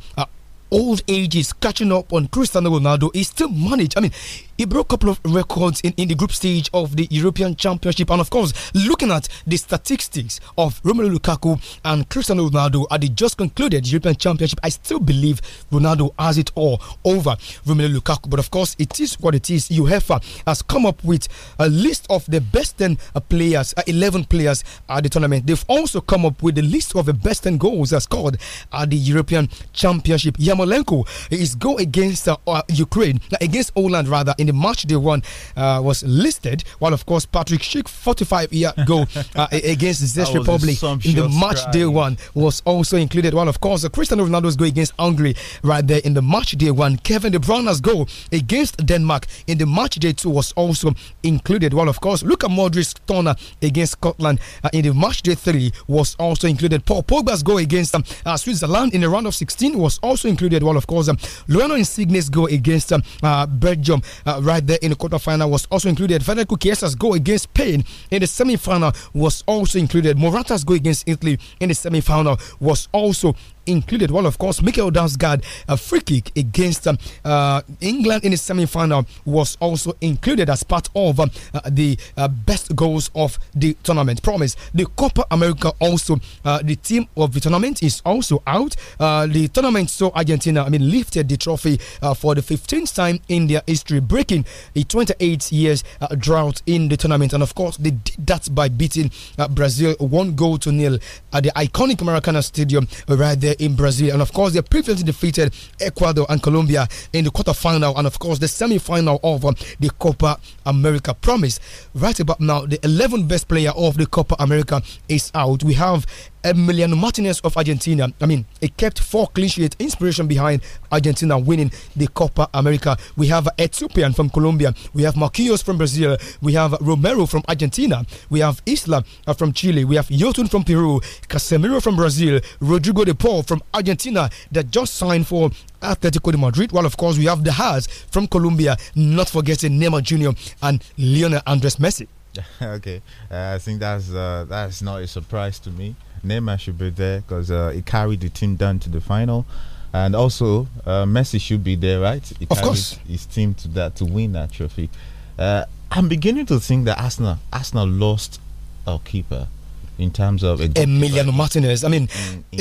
Q: old age is catching up on Cristiano Ronaldo, he still managed. I mean he broke a couple of records in, in the group stage of the European Championship. And of course, looking at the statistics of Romelu Lukaku and Cristiano Ronaldo at the just concluded European Championship, I still believe Ronaldo has it all over Romelu Lukaku. But of course, it is what it is. UEFA has come up with a list of the best 10 uh, players, uh, 11 players at the tournament. They've also come up with the list of the best 10 goals uh, scored at the European Championship. Yamalenko his goal against uh, Ukraine, against Holland, rather, in the match day one uh, was listed, while of course Patrick Schick 45 year goal uh, against the Czech Republic in the match crying. day one was also included. While of course Cristiano Ronaldo's goal against Hungary right there in the match day one, Kevin De Bruyne's goal against Denmark in the match day two was also included. While of course Luka Modric's corner against Scotland uh, in the match day three was also included. Paul Pogba's goal against um, uh, Switzerland in the round of 16 was also included. While of course um, Luano Insigne's goal against um, uh, Belgium uh, uh, right there in the quarterfinal was also included. Federico Chiesa's goal against Spain in the semi final was also included. Morata's goal against Italy in the semi final was also included. Well, of course, Mikael Dansgaard, a free kick against um, uh, England in the semi final, was also included as part of um, uh, the uh, best goals of the tournament. Promise the Copa America also, uh, the team of the tournament is also out. Uh, the tournament saw Argentina, I mean, lifted the trophy uh, for the 15th time in their history, breaking a 28 years drought in the tournament. And of course, they did that by beating Brazil one goal to nil at the iconic Maracana Stadium right there in Brazil. And of course, they previously defeated Ecuador and Colombia in the quarterfinal and of course the semi-final of um, the Copa America. Promise right about now, the 11th best player of the Copa America is out. We have Emiliano Martinez of Argentina. I mean, it kept four clean sheets, inspiration behind Argentina winning the Copa America. We have Ethiopian from Colombia, we have Marquinhos from Brazil, we have Romero from Argentina, we have Isla uh, from Chile, we have Yotun from Peru, Casemiro from Brazil, Rodrigo de Paul from Argentina that just signed for Atletico de Madrid. While, well, of course, we have the Haas from Colombia, not forgetting Neymar Jr. and Lionel Andres Messi.
B: okay, uh, I think that's uh, that's not a surprise to me. Neymar should be there because uh, he carried the team down to the final, and also uh, Messi should be there, right? He of course, his team to that to win that trophy. Uh, I'm beginning to think that Arsenal Arsenal lost a keeper in terms of Emiliano
Q: Martinez. I mean, mm, mm,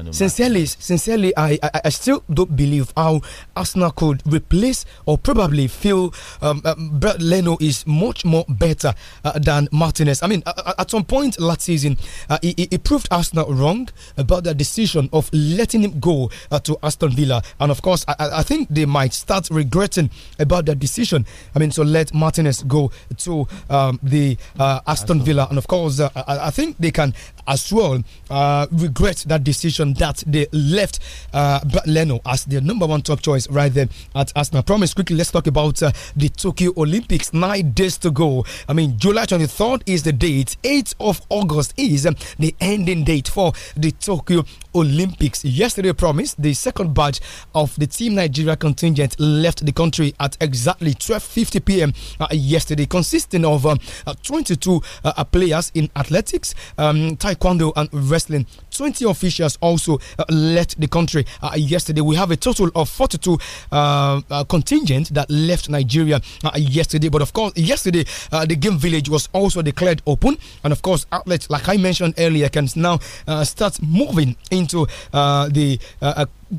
Q: in, sincerely, sincerely, I, I, I still don't believe how Arsenal could replace or probably feel um, um Leno is much more better uh, than Martinez. I mean, uh, at some point last season, uh, he, he, proved Arsenal wrong about the decision of letting him go uh, to Aston Villa, and of course, I, I, think they might start regretting about that decision. I mean, so let Martinez go to um, the uh, Aston Villa, and of course, uh, I, I I think they can as well uh, regret that decision that they left uh, Leno as their number one top choice right there at Arsenal. Promise quickly, let's talk about uh, the Tokyo Olympics. Nine days to go. I mean, July 23rd is the date, 8th of August is um, the ending date for the Tokyo Olympics. Yesterday, Promise, the second batch of the Team Nigeria contingent left the country at exactly 12.50 p.m. Uh, yesterday, consisting of um, uh, 22 uh, players in athletics athletics, um, taekwondo, and wrestling. 20 officials also uh, left the country uh, yesterday. We have a total of 42 uh, uh contingent that left Nigeria uh, yesterday. But of course, yesterday uh, the game village was also declared open, and of course, outlets like I mentioned earlier can now start moving into the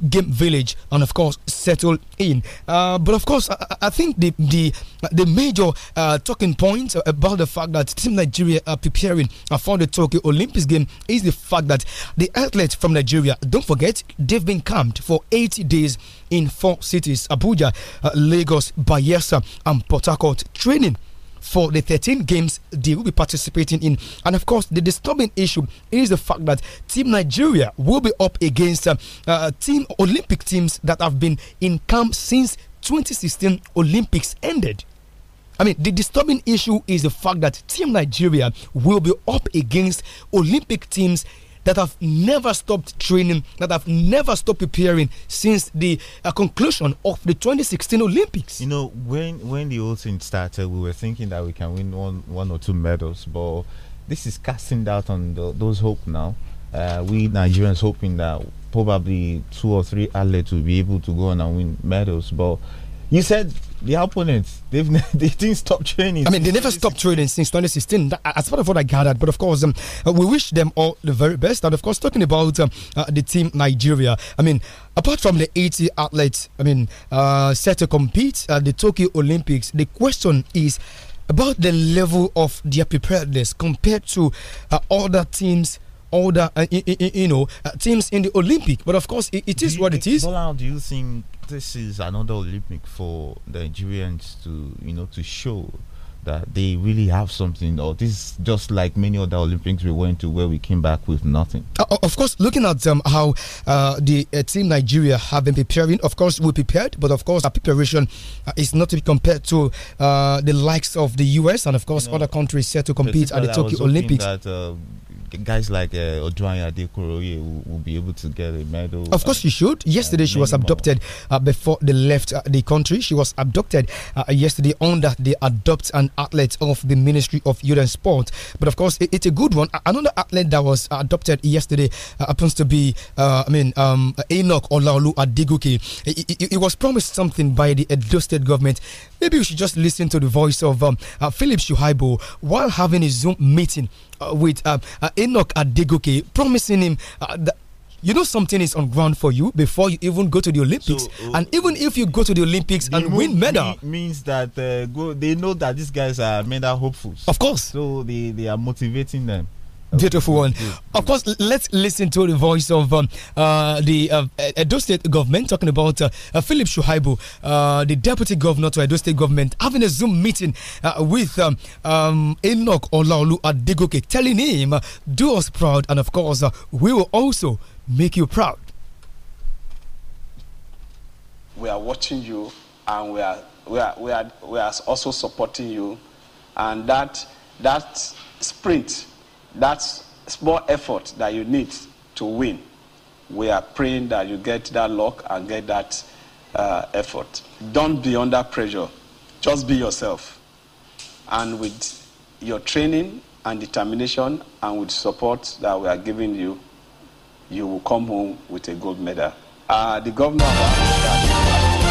Q: game village and of course settle in. Uh, but of course, I, I, think the the the major uh, talking point about the fact that Team Nigeria are preparing uh, for the Tokyo Olympics game is the fact that the athletes from Nigeria, don't forget, they've been camped for 80 days in four cities: Abuja, uh, Lagos, Bayelsa, and Port Harcourt, training for the 13 games they will be participating in. And of course, the disturbing issue is the fact that Team Nigeria will be up against uh, uh, team Olympic teams that have been in camp since 2016 Olympics ended. I mean, the disturbing issue is the fact that Team Nigeria will be up against Olympic teams that have never stopped training, that have never stopped preparing since the uh, conclusion of the 2016 Olympics. You know,
B: when when the whole thing started, we were thinking that we can win one one or two medals, but this is casting doubt on the, those hope now. Uh, we Nigerians hoping that probably two or three athletes will be able to
Q: go on and win medals, but you said the opponents. They've they didn't stop training. I mean, they never stopped training since 2016. as part of what I gathered, but of course, um, uh, we wish them all the very best. And of course, talking about um, uh, the team Nigeria, I mean, apart from the 80 athletes, I mean, uh, set to compete at the Tokyo Olympics, the question is about the level of their preparedness compared to uh, other teams older, uh, you, know, uh, teams in the Olympic. But of course, it, it is what it is. How do you think
B: this is another Olympic for the Nigerians to, you know, to show? that they really have something or this just like many other olympics we went to where we came back with nothing
Q: uh, of course looking at um, how uh, the uh, team nigeria have been preparing of course we prepared but of course our preparation uh, is not to be compared to uh, the likes of the us and of course you know, other countries set to compete at the tokyo olympics
B: uh, guys like uh, Odwanya Adekoroye will, will, be able to get a medal. Of course, uh, you should.
Q: Yesterday, she was abducted uh, before they left uh, the country. She was abducted uh, yesterday under the adopt an athlete of the Ministry of Youth and Sport. But of course, it, it's a good one. Another athlete that was adopted yesterday uh, happens to be, I mean, um, Enoch Olaolu Adeguke. It, was promised something by the Edo State government. Maybe we should just listen to the voice of um, Philip Shuhaibo while having a Zoom meeting uh, with uh, uh, Enoch Adegoke, promising him uh, that you know something is on ground for you before you even go to the Olympics. So, uh, and even if you go to the Olympics and win medal,
B: means that uh, go, they know that these guys
Q: are medal hopefuls. Of course. So they, they are motivating them. Beautiful one. Mm. Of course, let's listen to the voice of um, uh, the uh, Edo State government talking about uh, Philip Shuhaibu, uh, the deputy governor to Edo State government, having a Zoom meeting uh, with um, um, Enoch Olaolu Adigoke, telling him, uh, Do us proud, and of course, we will also make you proud.
D: We are watching you, and we are, we are, we are, we are also supporting you, and that, that spirit that small effort that you need to win, we are praying that you get that luck and get that uh, effort. Don't be under pressure. Just be yourself. And with your training and determination and with support that we are giving you, you will come home with a gold medal. Uh, the governor of Africa.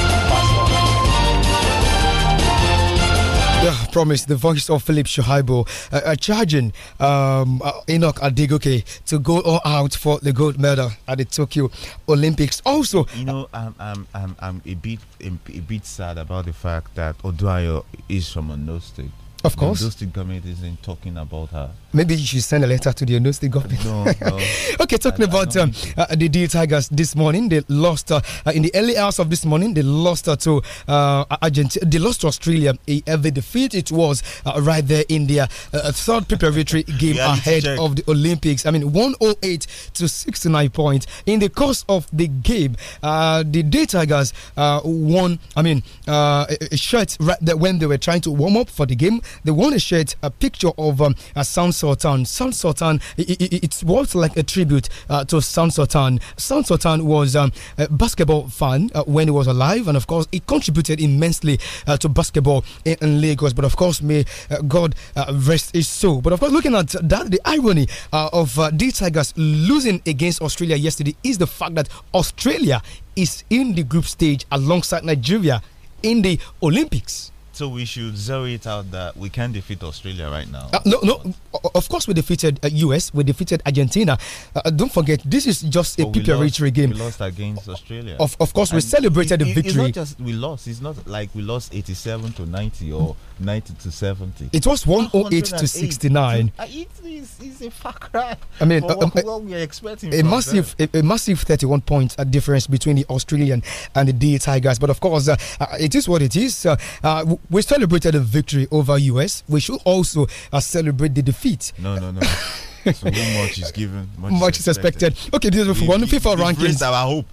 Q: Yeah, promise. The voice of Philip Shuhaibo uh, uh, charging um, uh, Enoch Adigoke to go all out for the gold medal at the Tokyo Olympics. Also, you know, I'm, I'm,
B: I'm, I'm a bit a, bit sad about the fact that Oduayo is from a no State. Of course. The Edo State government isn't talking about her.
Q: Maybe you should send a letter to the Edo State government. No, no. okay, talking I, about I um, uh, the DU Tigers this morning, they lost uh, uh, in the early hours of this morning, they lost uh, to uh, Argentina. They lost to Australia. A heavy defeat it was uh, right there in their third preparatory game yeah, ahead of the Olympics. I mean, 108 to 69 points. In the course of the game, the DU Tigers won, I mean, a shirt right there when they were trying to warm up for the game they want to share a picture of um, uh, Sound Sultan. Sound Sultan, it, it, it was like a tribute uh, to Sam Sultan. Sam Sultan was um, a basketball fan uh, when he was alive, and of course, he contributed immensely uh, to basketball in, in, Lagos. But of course, may uh, God uh, rest his soul. But of course, looking at that, the irony uh, of the Tigers losing against Australia yesterday is the fact that Australia is in the group stage alongside Nigeria in the Olympics.
B: So we should zero it out that we can defeat Australia right now. Uh, no,
Q: no. Of course, we defeated uh, US. We defeated Argentina. Uh, uh, don't forget, this is just a preparatory game. We lost against Australia. Of, of course, and we celebrated it, it, the victory. It's not
B: just we lost. It's not like we lost 87 to 90 or 90 to 70.
Q: It was 108 to 69.
F: It is, it's a far cry.
Q: I mean, uh, what, uh, what
F: we are
R: expecting. A massive,
Q: a, a, massive 31 point difference between the Australian and the D Tigers. But of course, it is what it is we celebrated a victory over US. We should also uh, celebrate the defeat. No, no, no. so much is
B: given, much, much is expected. expected. Okay, this is for one FIFA rankings. Our hope.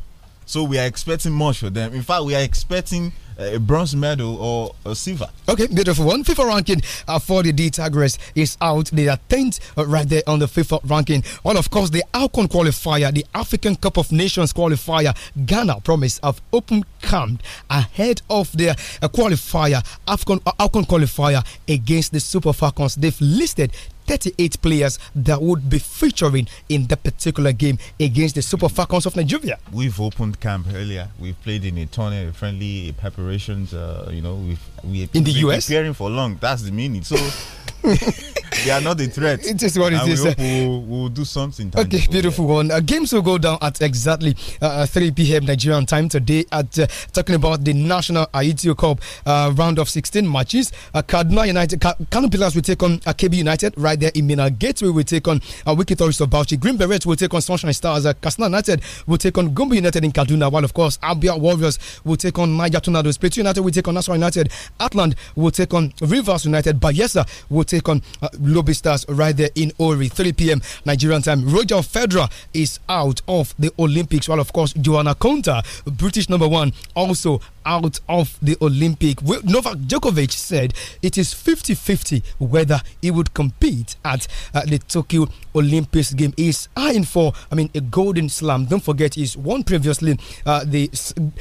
B: So we are expecting much for them. In fact, we are expecting a bronze medal or a silver.
Q: Okay, beautiful one. FIFA ranking uh, for the D Tigers is out. They are 10th uh, right there on the FIFA ranking. Well, of course, the Alcon qualifier, the African Cup of Nations qualifier, Ghana promise of open camp ahead of their uh, qualifier, Afcon, uh, Alcon qualifier against the Super Falcons. They've listed 38 players that would be featuring in that particular game against the Super Falcons of Nigeria. We've opened camp
B: earlier. We've played in a tournament, friendly preparations. Uh, you know, we've we in the US preparing for long. That's the meaning. So.
Q: they are not the threat. It is what it We
B: will we'll do something. Tangible.
Q: Okay, beautiful one. Uh, games will go down at exactly uh, 3 p.m. Nigerian time today. At uh, talking about the National Aitio Cup uh, round of 16 matches, uh, United, Ka Pillars will take on uh, KB United right there in Mina Gateway. Will take on uh, Wiki Tourist of Bauchi. Green Berets will take on Sunshine Stars. Uh, Kasna United will take on Gumbi United in Kaduna. While of course Abia Warriors will take on Niger Tornadoes. Plateau United will take on Nassau United. Atland will take on Rivers United. Bayelsa will take on uh, stars right there in Ori, 3 p.m. Nigerian time. Roger Federer is out of the Olympics, while, of course, Joanna Conta, British number one, also out of the Olympic. Novak Djokovic said it is 50 50 whether he would compete at uh, the Tokyo Olympics game. He's eyeing for, I mean, a golden slam. Don't forget, he's won previously uh, the,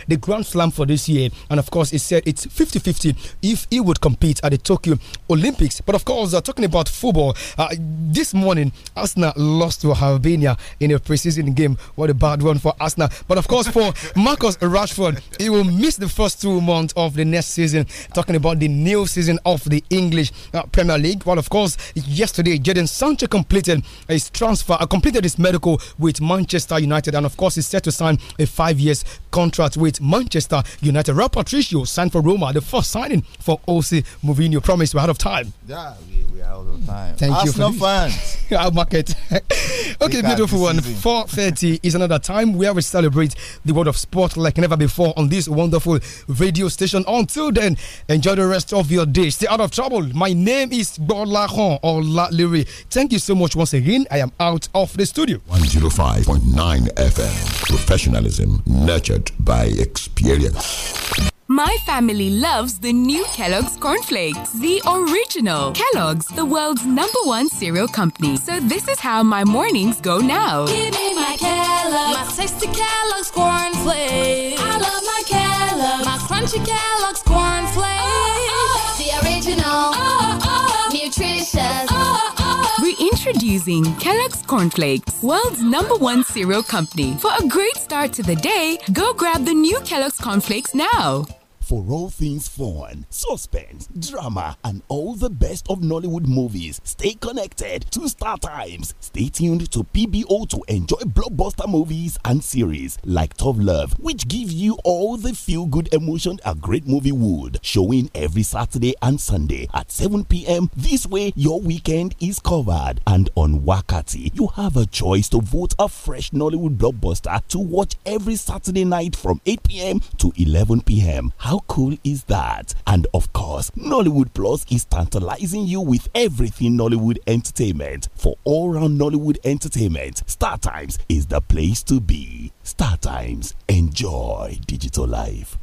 Q: the Grand Slam for this year. And of course, he said it's 50 50 if he would compete at the Tokyo Olympics. But of course, uh, talking about football, uh, this morning, Arsenal lost to Albania in a preseason game. What a bad one for Arsenal. But of course, for Marcus Rashford, he will miss the the first two months of the next season, talking about the new season of the English uh, Premier League. Well, of course, yesterday, Jadon Sancho completed his transfer, uh, completed his medical with Manchester United, and of course, he's set to sign a five years contract with Manchester United. Real Patricio signed for Roma, the first signing for OC Mourinho. Promise, we're out of time.
B: Yeah, we, we are out of time. Thank you. Arsenal
Q: fans. I'll mark it. okay, beautiful one. 4.30 is another time where we celebrate the world of sport like never before on this wonderful radio station. Until then, enjoy the rest of your day. Stay out of trouble. My name is Bolahon Olaliri. Thank you so much once again. I am out of the studio.
L: 105.9 FM. Professionalism nurtured by experience.
H: My family loves the new Kellogg's cornflakes, the original. Kellogg's, the world's number one cereal company. So this is how my mornings go now. Give
I: me my Kellogg's, my tasty Kellogg's cornflakes. I love my Kellogg's Kellogg's. My crunchy Kellogg's corn flakes. Oh, oh. oh. The original. Oh,
J: oh, oh. Nutritious.
H: Reintroducing Kellogg's Corn Flakes, world's number one cereal company. For a great start to the day, go grab the new Kellogg's Corn Flakes now for all things fun, suspense, drama, and all the
L: best of Nollywood movies. Stay connected to Star Times. Stay tuned to PBO to enjoy blockbuster movies and series like Tough Love, which give you all the feel good emotion a great movie would. Showing every Saturday and Sunday at 7 p.m. This way, your weekend is covered. And on Wakati, you have a choice to vote a fresh Nollywood blockbuster to watch every Saturday night from 8 p.m. to 11 p.m. How how cool is that? And of course, Nollywood Plus is tantalizing you with everything Nollywood entertainment. For all round Nollywood entertainment, Star Times is the place to be. Star Times, enjoy digital life.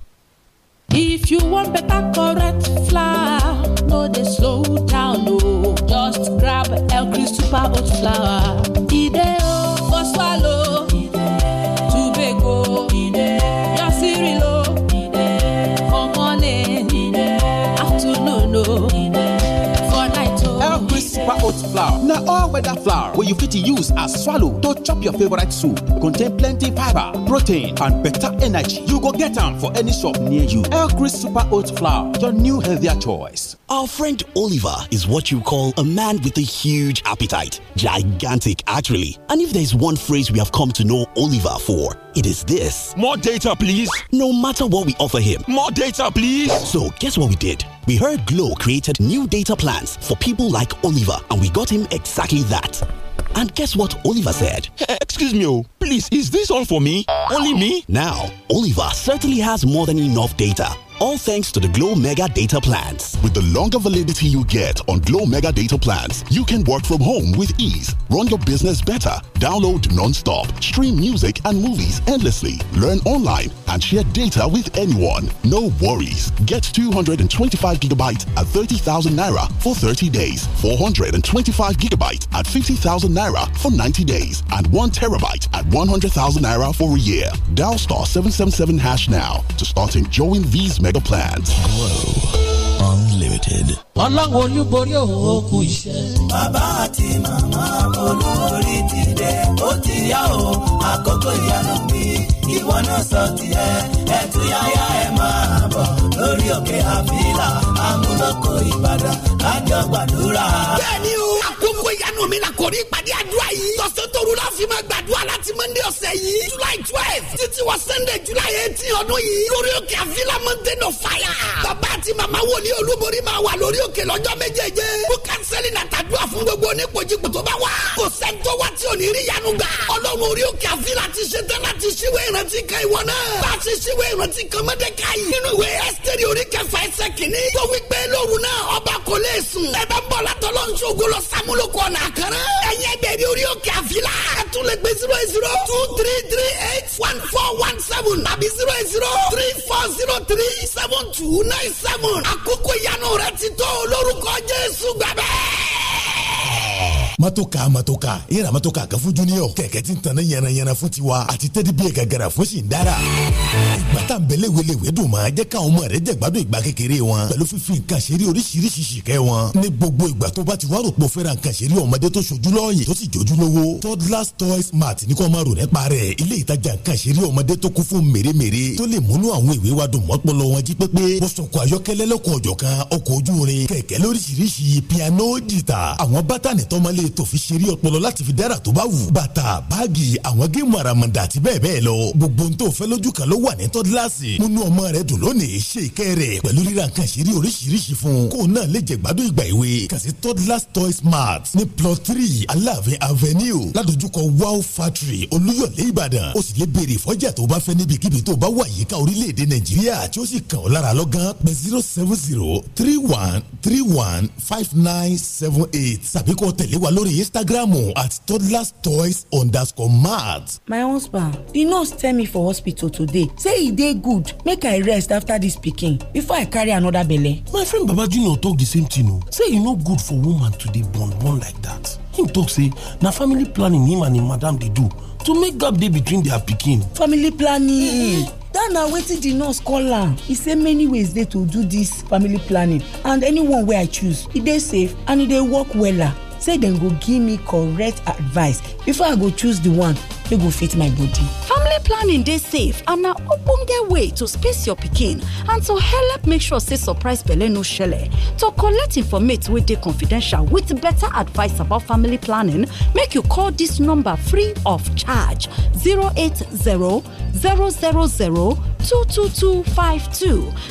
M: If you want better correct flower, no they slow down, no. Just grab El Super Oat Flower.
K: flour. Now all weather flour where you fit to use as swallow to chop your favorite soup. Contain plenty fiber, protein, and better energy. You go get them for
F: any shop near you. El Chris Super Oat Flour, your new healthier choice. Our friend Oliver is what you call a man with a huge appetite. Gigantic, actually. And if there's one phrase we have come to know Oliver for, it is this. More data, please. No matter what we offer him. More data, please. So, guess what we did? We heard Glow created new data plans for people like Oliver, and we got him exactly that. And guess what Oliver said? Excuse me, oh, please, is this all for me? Only me? Now, Oliver certainly has more
L: than enough data all thanks to the Glow Mega Data Plans. With the longer validity you get on Glow Mega Data Plans, you can work from home with ease, run your business better, download non-stop, stream music and movies endlessly, learn online, and share data with anyone. No worries. Get 225 gigabytes at 30,000 naira for 30 days, 425 gigabytes at 50,000 naira naira for 90 days and 1 terabyte at 100,000 naira for a year. Dial star 777 hash now to start enjoying these mega plans. Grow. Unlimited. ọlọ́run olúborí
J: òun ó kú iṣẹ́.
M: bàbá àti màmá olórí ti dé ó ti yá o àkókò ìyanu mi ìwọ náà sọ tiẹ̀ ẹtúyáyá ẹ máa bọ̀ lórí òkè àfíìlà àmúlòkọ ìbàdàn kájọ gbàdúrà.
G: bẹ́ẹ̀ni o ti ya o akoko iyanu mi iwo naa so tie e maa bo lori oke afiila amuloko ibadan kajo gbadura o àánú mi la kò ní ìpàdé àdúrà yìí. tọ̀sán la fi máa gbàdúrà láti mọ́ndé ọ̀sẹ̀ yìí. july twelve títí wọ sunday july eighteen ọdún yìí. lórí òkè àfilà mountain of fire. bàbá àti màmá wòlíì olúborí máa wà lórí òkè lọ́jọ́ méjèèjì. kó kánsẹ́lì nàtàdúrà fún gbogbo oníkojúkò tó bá wà. kò sẹ́ńtọ́ wá tí ò ní rí yanu gbà. ọlọ́run orí òkè àfilà ti ṣe tán láti ṣíwé ìrántí kan ìwọ náà. bá a ṣe ṣíwé ìrántí kan mọ́dẹ́ká yìí. nínú ìwé ẹ́sítẹ́rì orí kẹfà ẹsẹ̀ kìíní. tó wípé lóru náà ọba kò lè sùn àkàrà. ẹ̀yin ẹgbẹ́ mi orí òkè àfilà. a lè gbé zero zero two three three eight one four one seven tàbí zero zero three four zero three seven two nine seven. àkókò ìyanu rẹ ti tó lórúkọ Jésù
L: gbàgbẹ́. Matoka matoka, ìyẹn matoka kan fún junior kẹ̀kẹ́ tí ń tanná yànnayànna fún tiwa àti tẹ́dí bíi gàgàrà fún sì ń dára. ìgbà tá n bẹ̀lẹ̀ welewe dùn máa jẹ́ káwọn ọmọ rẹ̀ jẹ̀gbádùn ìgbà kékeré wọn pẹ̀lú fífi nǹkan ṣeré oríṣiríṣi ṣìkẹ́ wọn. ní gbogbo ìgbà tó bá ti wá rògbò fẹ́ra nǹkan ṣeré ọmọdé tó ṣojú lọ́ọ̀yẹ̀ tó sì jójú lówó. toddlers toys mart ní kò máa rò nípa rẹ̀ ilé ìtajà nǹkan ṣeré ọmọdé tó kún ètò fi ṣeré ọpọlọ láti fi dára tó bá wù. bàtà báàgì àwọn géèmù àràmàǹdà àti bẹ́ẹ̀ bẹ́ẹ̀ lọ. gbogbo n tó fẹ́ lójú kan ló wà ní tọ́dílàsì. múnú ọmọ rẹ dùn lónìí ṣe ìkẹ́ rẹ̀ pẹ̀lú ríra nǹkan ṣeré oríṣiríṣi fún. kó náà lè jẹ gbádùn ìgbà ìwé. kàn sí tọ́dílàsì toy smart ní plot three aláàfin avenue ládojúkọ wow factory olúyọ̀lé ìbàdàn. ó sì lè béèrè fọ́jà tó bá fẹ́ níbikíbi tó bá wà yíká orílẹ̀-èdè nàìjíríà tí zero seven zero three one three one five nine seven eight tàbí kó lórí Instagram at toddlers toys underscore mart.
N: My husband, the nurse tell me for hospital today say e dey good make I
F: rest after this pikin before I carry another belle. My friend Baba Junior talk the same thing o, oh. say e no good for woman to dey
L: born born like that. Him talk say na family planning him and him madam dey do to make gap dey between their pikin.
N: Family planning. dat mm-hmm. na wetin the nurse call am He say many ways dey to do this family planning and anyone wey i choose e dey safe and e dey work wella say dem go give me correct advice before i go choose the one wey go fit my body. family planning dey safe and na ogbonge way to space your pikin and to helep make sure say surprise belle no shele to collect informate wey dey confidential with better advice about family planning make you call this number free of charge 080 000 22252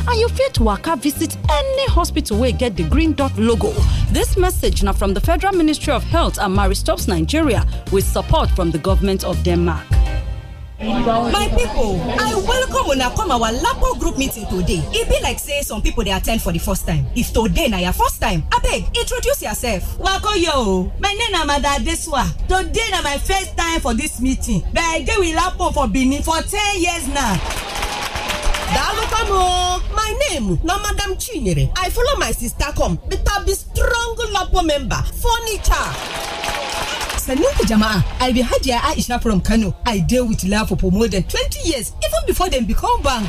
N: and you fit waka visit any hospital wey get the green dot logo. This message na from the Federal Ministry of Health and Marie Stops Nigeria with support from the Government of Denmark. my people, i welcome I come our lapo group meeting today It be like say some people they attend for the first time if today na your first time I beg introduce yourself. Wako yo, my name na mother adesuwa today na my first time for this meeting but i with lapo for benin for ten years now daalụkwa my name na madam chinyere i follow my sister come I be strong lopo member furniture sannin ku jama'a i be hajiya aisha from kano i deal with love for more than 20 years even before them become bank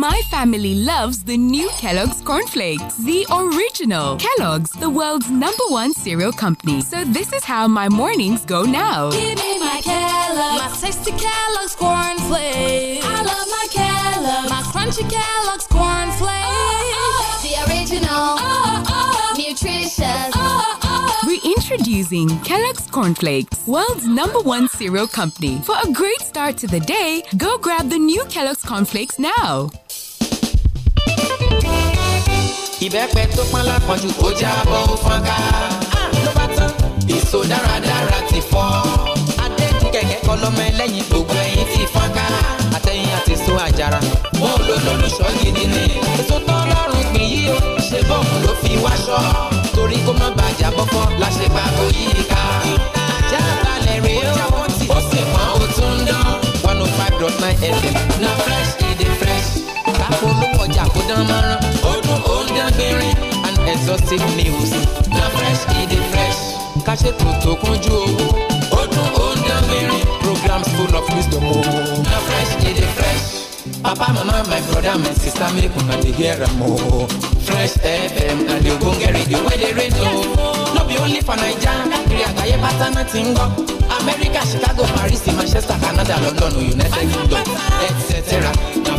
H: My family loves the new Kellogg's cornflakes, the original. Kellogg's, the world's number one cereal company. So this is how my mornings go now. Give me
I: my Kellogg's, my tasty Kellogg's cornflakes. I love my Kellogg's, my crunchy Kellogg's cornflakes. Oh, oh. oh.
J: The original, oh, oh, oh. nutritious. Oh, oh.
H: Reintroducing Kellogg's cornflakes, world's number one cereal company. For a great start to the day, go grab the new Kellogg's cornflakes now.
S: ìbẹ́pẹ tó pọ́n lápọ̀jù ó jábọ́ ó fọ́n ká ah, ló bá tán èso dáradára ti fọ́ adéjú kẹ̀kẹ́ kọ́ lọ́mọ ẹlẹ́yin gbogbo ẹ̀yin ti fọ́n ká àtẹ̀yìn àti èso àjàrà wọn ò lò lólùṣọ́ gidi ni èso tó lọ́rùn pín yí o ṣe bọ́ọ̀mù ló fi wáṣọ torí kó má bàjá bọ́kọ́ la ṣe pa oyè ká ajá balẹ̀ rèé o ó sì mọ́ ó dán one oh five dot nine fm na fresh e dey fresh ká polówó ọjà kó dán mọ́rán fínrin and exotic news na fresh e dey fresh ká ṣètò tó kúnjú owó ó dùn ó ń programs full of wisdom o na fresh e dey fresh papa mama my brother my sister make una dey hear am o fresh fm na the ogbonge radio wey dey rain no be only for naija kiri àgbáyé pátá náà ti ń gbọ́ america chicago paris manchester canada london united kingdom etc.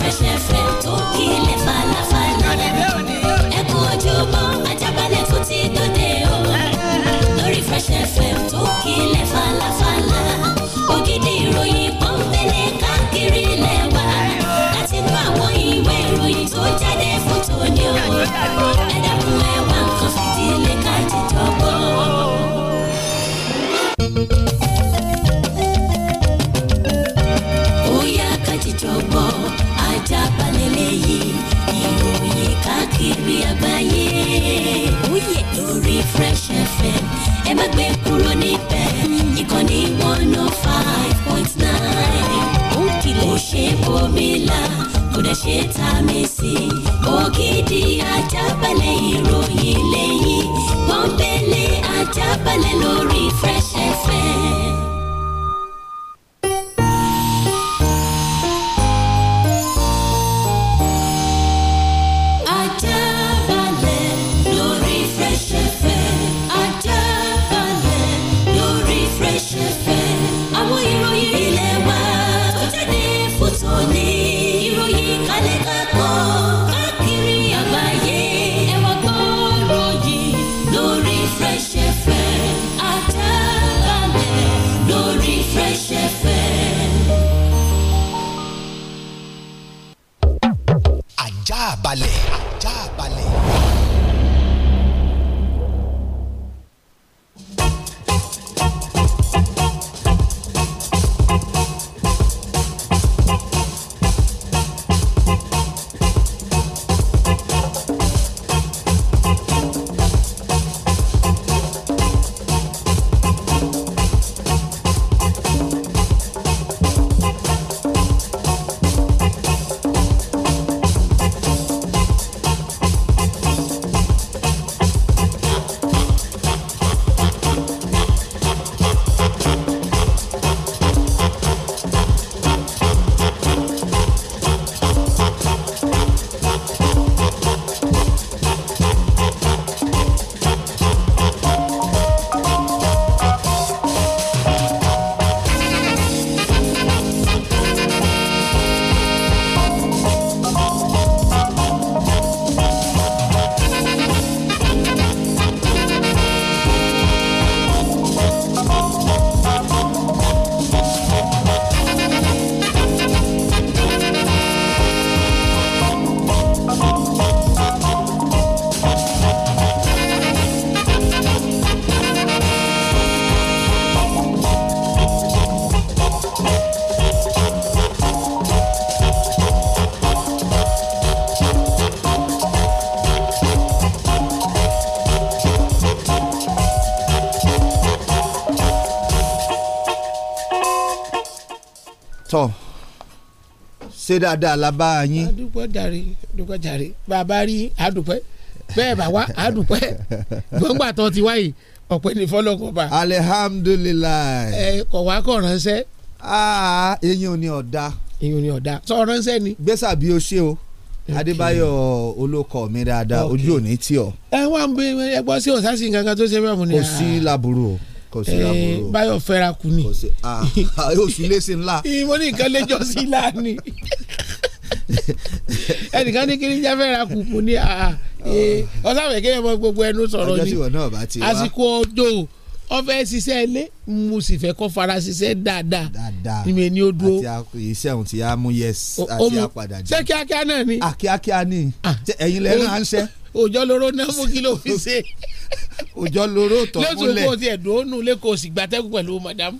J: fẹsẹ̀fẹ̀ tó kílẹ̀ falafala. ẹ kú ojúmọ́ ajábalẹ̀ tó ti dòde o. lórí fẹsẹ̀fẹ̀ tó kílẹ̀ falafala. ògidì ìròyìn kan fẹ́lẹ̀ káàkiri lẹ́wà. láti inú àwọn ìwé ìròyìn tó jáde fún tòní o. ẹ dẹ́kun ẹ fìdílé ká jíjọ gbọ́. ó yá ká jíjọ Ajábalẹ̀ lẹ́yìn ìròyìn káàkiri àgbáyé. Oyè lórí Fresh FM ẹ má gbé kúrò níbẹ̀ ìkànnì one oh five point nine. Ó kìlọ̀ ṣe bomi la kò dẹ̀ ṣe ta mi sí. Ògidì ajábalẹ̀ ìròyìn lẹ́yìn pọ́npẹ́lẹ́ ajábalẹ̀ lórí Fresh FM.
R: ṣé dáadáa la bá
O: a yín. àdúpẹ́ jàre àdúpẹ́ jàre bàbá rí àdúpẹ́ bẹ́ẹ̀ bá wá àdúpẹ́ gbọ́ngbà tó ti wáyé ọ̀pẹ́ ní fọlọ́kọ̀ọ́ba. alihamdulilayi. ẹ kọ̀ wá kọ̀ ránṣẹ́. aa eyín ò ní ọ̀dà. eyín ò ní ọ̀dà sọ ránṣẹ́ ni. gbèsà
R: bí o ṣe o adébáyọ̀ olóko mi dáadáa ojú ò ní tì ọ́. ẹ wá ń bẹ ẹ gbọ́ sí òsásì kankan tó ṣe bẹ́ẹ̀ mu ni. kò sí laburu o kò sí laburu báyọ̀ fẹ́ra kù ni. kò sí ah, ah oṣù lẹ́sìn ńlá.
O: mo ní nǹkan lẹ́jọ́ sí láàánú. ẹnìkan ní kiri jẹ́ fẹ́ra kùkù ní ah, ah, eh, oh. ọ̀sàfẹ́ kí ẹ mọ gbogbo ẹnu sọ̀rọ̀
R: ni àsìkò
O: òjò ọfẹ ṣiṣẹ́ ilé mo sì fẹ́ kọ fara ṣiṣẹ́ dáadáa
R: ìmọ̀ ẹni ó dúró iṣẹ́ òun ti yá mú yẹs àti àpàdà jẹ ṣé
O: kíákíá náà ni. àkíákíá
R: ni ẹ̀yin lẹ́nu à ń ṣẹ́.
O: òjò lóró náà mú kí ló fi ṣe.
R: òjò lóró tọ̀ múlẹ̀ lóṣù kò tiẹ̀
O: dùn ó nù lẹ́kọ̀ọ́ sì gbatẹ́kù pẹ̀lú madam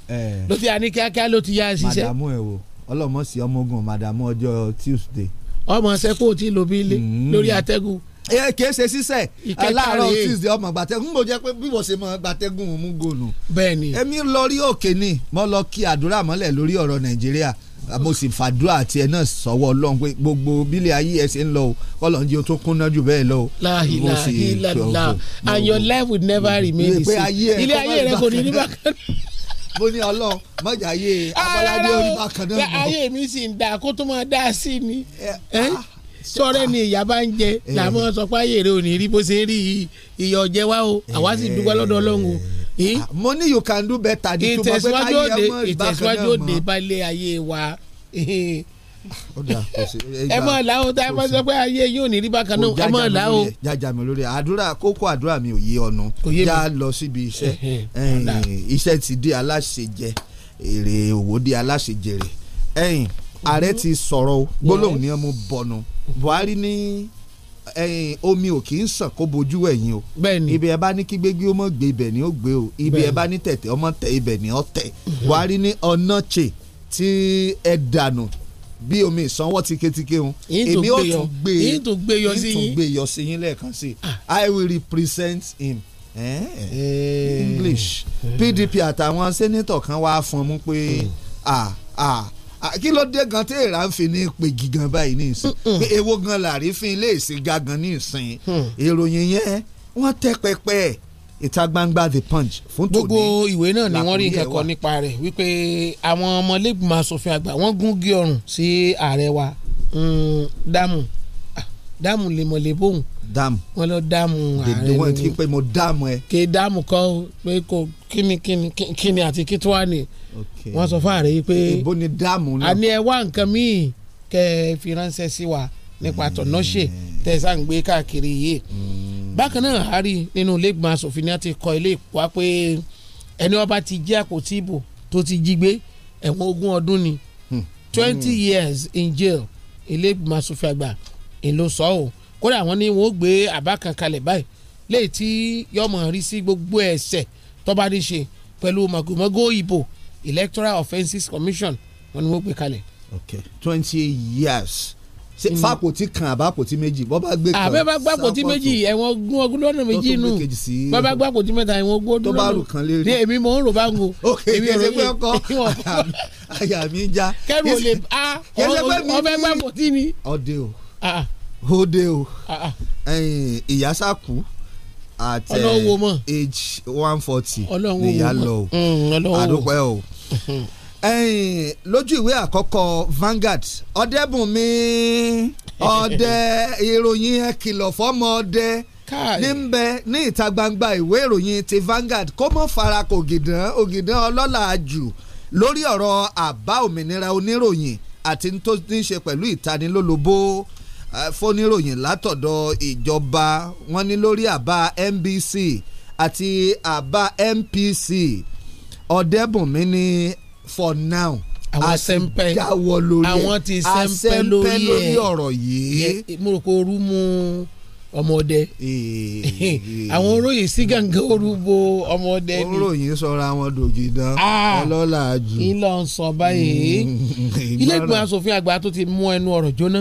O: ló ti à ní kíákíá ló ti yá ṣiṣẹ́. madam
R: ẹ wo ọlọmọsí ọmọogun màdàmú ọjọ́ tuesday. ọmọ sẹ́kù tí lo bí lé mm-hmm. lórí atẹ́gùn. ẹ kìí ṣe sísẹ láàárọ̀ tuesday ọmọ gbàtẹ́gùn mo jẹ́ pé bí mo ṣe mọ gbàtẹ́gùn mú gòlù. bẹ́ẹ̀ni. èmi lọ rí òkè ni mo lọ kí àdúrà mọ́lẹ̀ lórí ọ̀rọ̀ nàìjíríà mo sì fàdúrà àti ẹ náà sọ́wọ́ ọlọ́run pé gbogbo bílẹ̀ ayé ẹ ṣe ń lọ o ọlọ́run jí o tó kúnná jù bẹ́ẹ̀ lọ o. láhìláhìláhìlá and your life would
O: never mm-hmm. remain the same ilé ayé rẹ kò ní ní bákan náà mo ní ọlọ́run mọ̀jà ayé abọ́ládé orí bákan náà mọ̀. ayé mi sì ń da kó tó máa dá sí ni ah. sọ́rẹ́ ni ìyá bá ń jẹ làwọn sọ pé ayé rẹ ò ní rí bó ṣe rí ìyà ọ̀jẹ̀ wa o àwa sì dúpẹ́ lọ́dọ̀ ọlọ́run o. Ah, mo ní you can do better. ìtẹ̀síwájú òde ìtẹ̀síwájú òde bá lé ayé wa ẹ mọ̀ là ó tá ẹ mọ̀ sọ pé ayé yóò ní rí bákan náà ẹ mọ̀ là ó. jájà mi lórí àdúrà kókó
R: àdúrà mi ò yé ọ̀nà já lọ síbi iṣẹ́ iṣẹ́ ti di aláṣejẹ èrè òwò di aláṣejèrè ẹ̀yìn ààrẹ mm-hmm. ti sọ̀rọ̀ o gbólóhùn ni ọmọ bọ̀nù Buhari ní omi ò kì í sàn kó bojú ẹ̀yìn o ibi ẹ bá ní kí gbégbé ọmọ gbé ibẹ̀ ni ó gbé o ibi ẹ bá ní tẹ̀tẹ̀ ọmọ tẹ̀ ibẹ̀ ni ó tẹ̀ Buhari ní ọ̀nà chè tí ẹ dànù bí omi ìsanwó tiketike hun èmi ó tún gbé e, yín tún gbé yọ sí yín tún gbé yọ sí yín lẹ́ẹ̀kan sí i ah. will represent him eh, eh. English PDP eh. àtàwọn sẹ́nitọ̀ kan wá fọn mú pé ah ah kí ló dé gan tí èèrà ń fi ní pè gígan báyìí ní ìsìn pé èwo gan làrí fi ilé ìsìn gagan ní ìsìn hmm. ìròyìn yẹn wọ́n tẹ́ pẹpẹ ìta gbangba the punch fún tòní. gbogbo ìwé náà ni wọ́n rí nǹkan kan
O: nípa rẹ̀ wípé àwọn ọmọlẹ́gbìmọ̀ asòfin àgbà wọ́n gún gí ọrùn sí ààrẹ wa mm, dáàmù ah, dáàmù lemọ̀lẹ́bọ̀hùn dáàmù wọ́n lọ dáàmù ààrẹ lóhùn wọ́n ti pé mo dáàmù ẹ. kì í dáàmù kọ́ pé kò kíni kíni kíni àti kí tó wà ní wọ́n sọ fún ààrẹ yìí pé ìbò ni dáàmù náà àní ẹ wá nǹkan míì kẹ́ fi ránṣẹ́ sí wa nípa mm. tọ̀nọ́ṣe tẹ̀sán gbé káàkiri yìí. Mm bákan náà a rí nínú ilé ìgbìmọ̀ asòfin ni a ti kọ ilé ìpá pé ẹni ọba ti jẹ́ àpótí ìbò tó ti jí gbé ẹ̀wọ̀n ogún ọdún ni hmm. twenty hmm. years in jail ilé ìgbìmọ̀ asòfin àgbà ìlú sọ ọ́ kódà wọ́n ní wọ́n gbé àbá kan kalẹ̀ báyìí léyìí tí yọmọ rí sí gbogbo ẹ̀ṣẹ̀ tọ́ba ní ṣe pẹ̀lú mọ̀gòmọ́gò ìbò electoral offences commission wọ́n ní wọ́n gbé kalẹ̀. okay twenty years
R: Mm. fàpótí kan àbápótí méjì bọ́ bá gbé kan àbẹ́ bá
O: gbàpótí méjì ẹ̀wọ̀n gún ọgún lọ́nà méjì nù bọ́ bá gbàpótí mẹ́ta ẹ̀wọ̀n gún ọdún lọ́nà tó bá rù kan lérí ní èmi mò ń rò bá ń go èmi ẹ̀rọ pé ọkọ
R: àyà mi ń já kẹ́rù ò a ọbẹ̀ gbàpótí ni. ọdẹ o ọdẹ ah, ah. o ah, ìyá sá kú eh, age one forty nìyá lọ o àdúpẹ́ mm, o. lójú ìwé àkọ́kọ́ Vanguard ọ̀dẹ́bùnmi ọ̀dẹ ìròyìn ẹ kìlọ̀ fọ́mọ ọ̀dẹ ní ń bẹ ní ìta gbangba ìwé ìròyìn ti Vanguard kó mọ̀ fara kò gìdán ògìdán ọlọ́lá jù lórí ọ̀rọ̀ àbá òmìnira oníròyìn àti tó ní í ṣe pẹ̀lú ìtanilólobó fóníròyìn látọ̀dọ̀ ìjọba wọn ní lórí àbá NBC àti àbá MPC ọ̀dẹ́bùnmi ni for now àwọn sẹ́ńpẹ́ jáwọ́ lórí ẹ̀ àwọn ti sẹ́ńpẹ́ lórí
O: ọ̀rọ̀ yìí. mo rò pé ooru mu ọmọdé àwọn oróyìn sí gàngán orúbó ọmọdé ni. oróyìn sọra wọn dòjì dán ah! ọlọ́lá jù. ilé ń sọ báyìí mm-hmm. ilé ìgbìmọ̀ asòfin àgbà tó ti mú ẹnu ọ̀rọ̀ jóná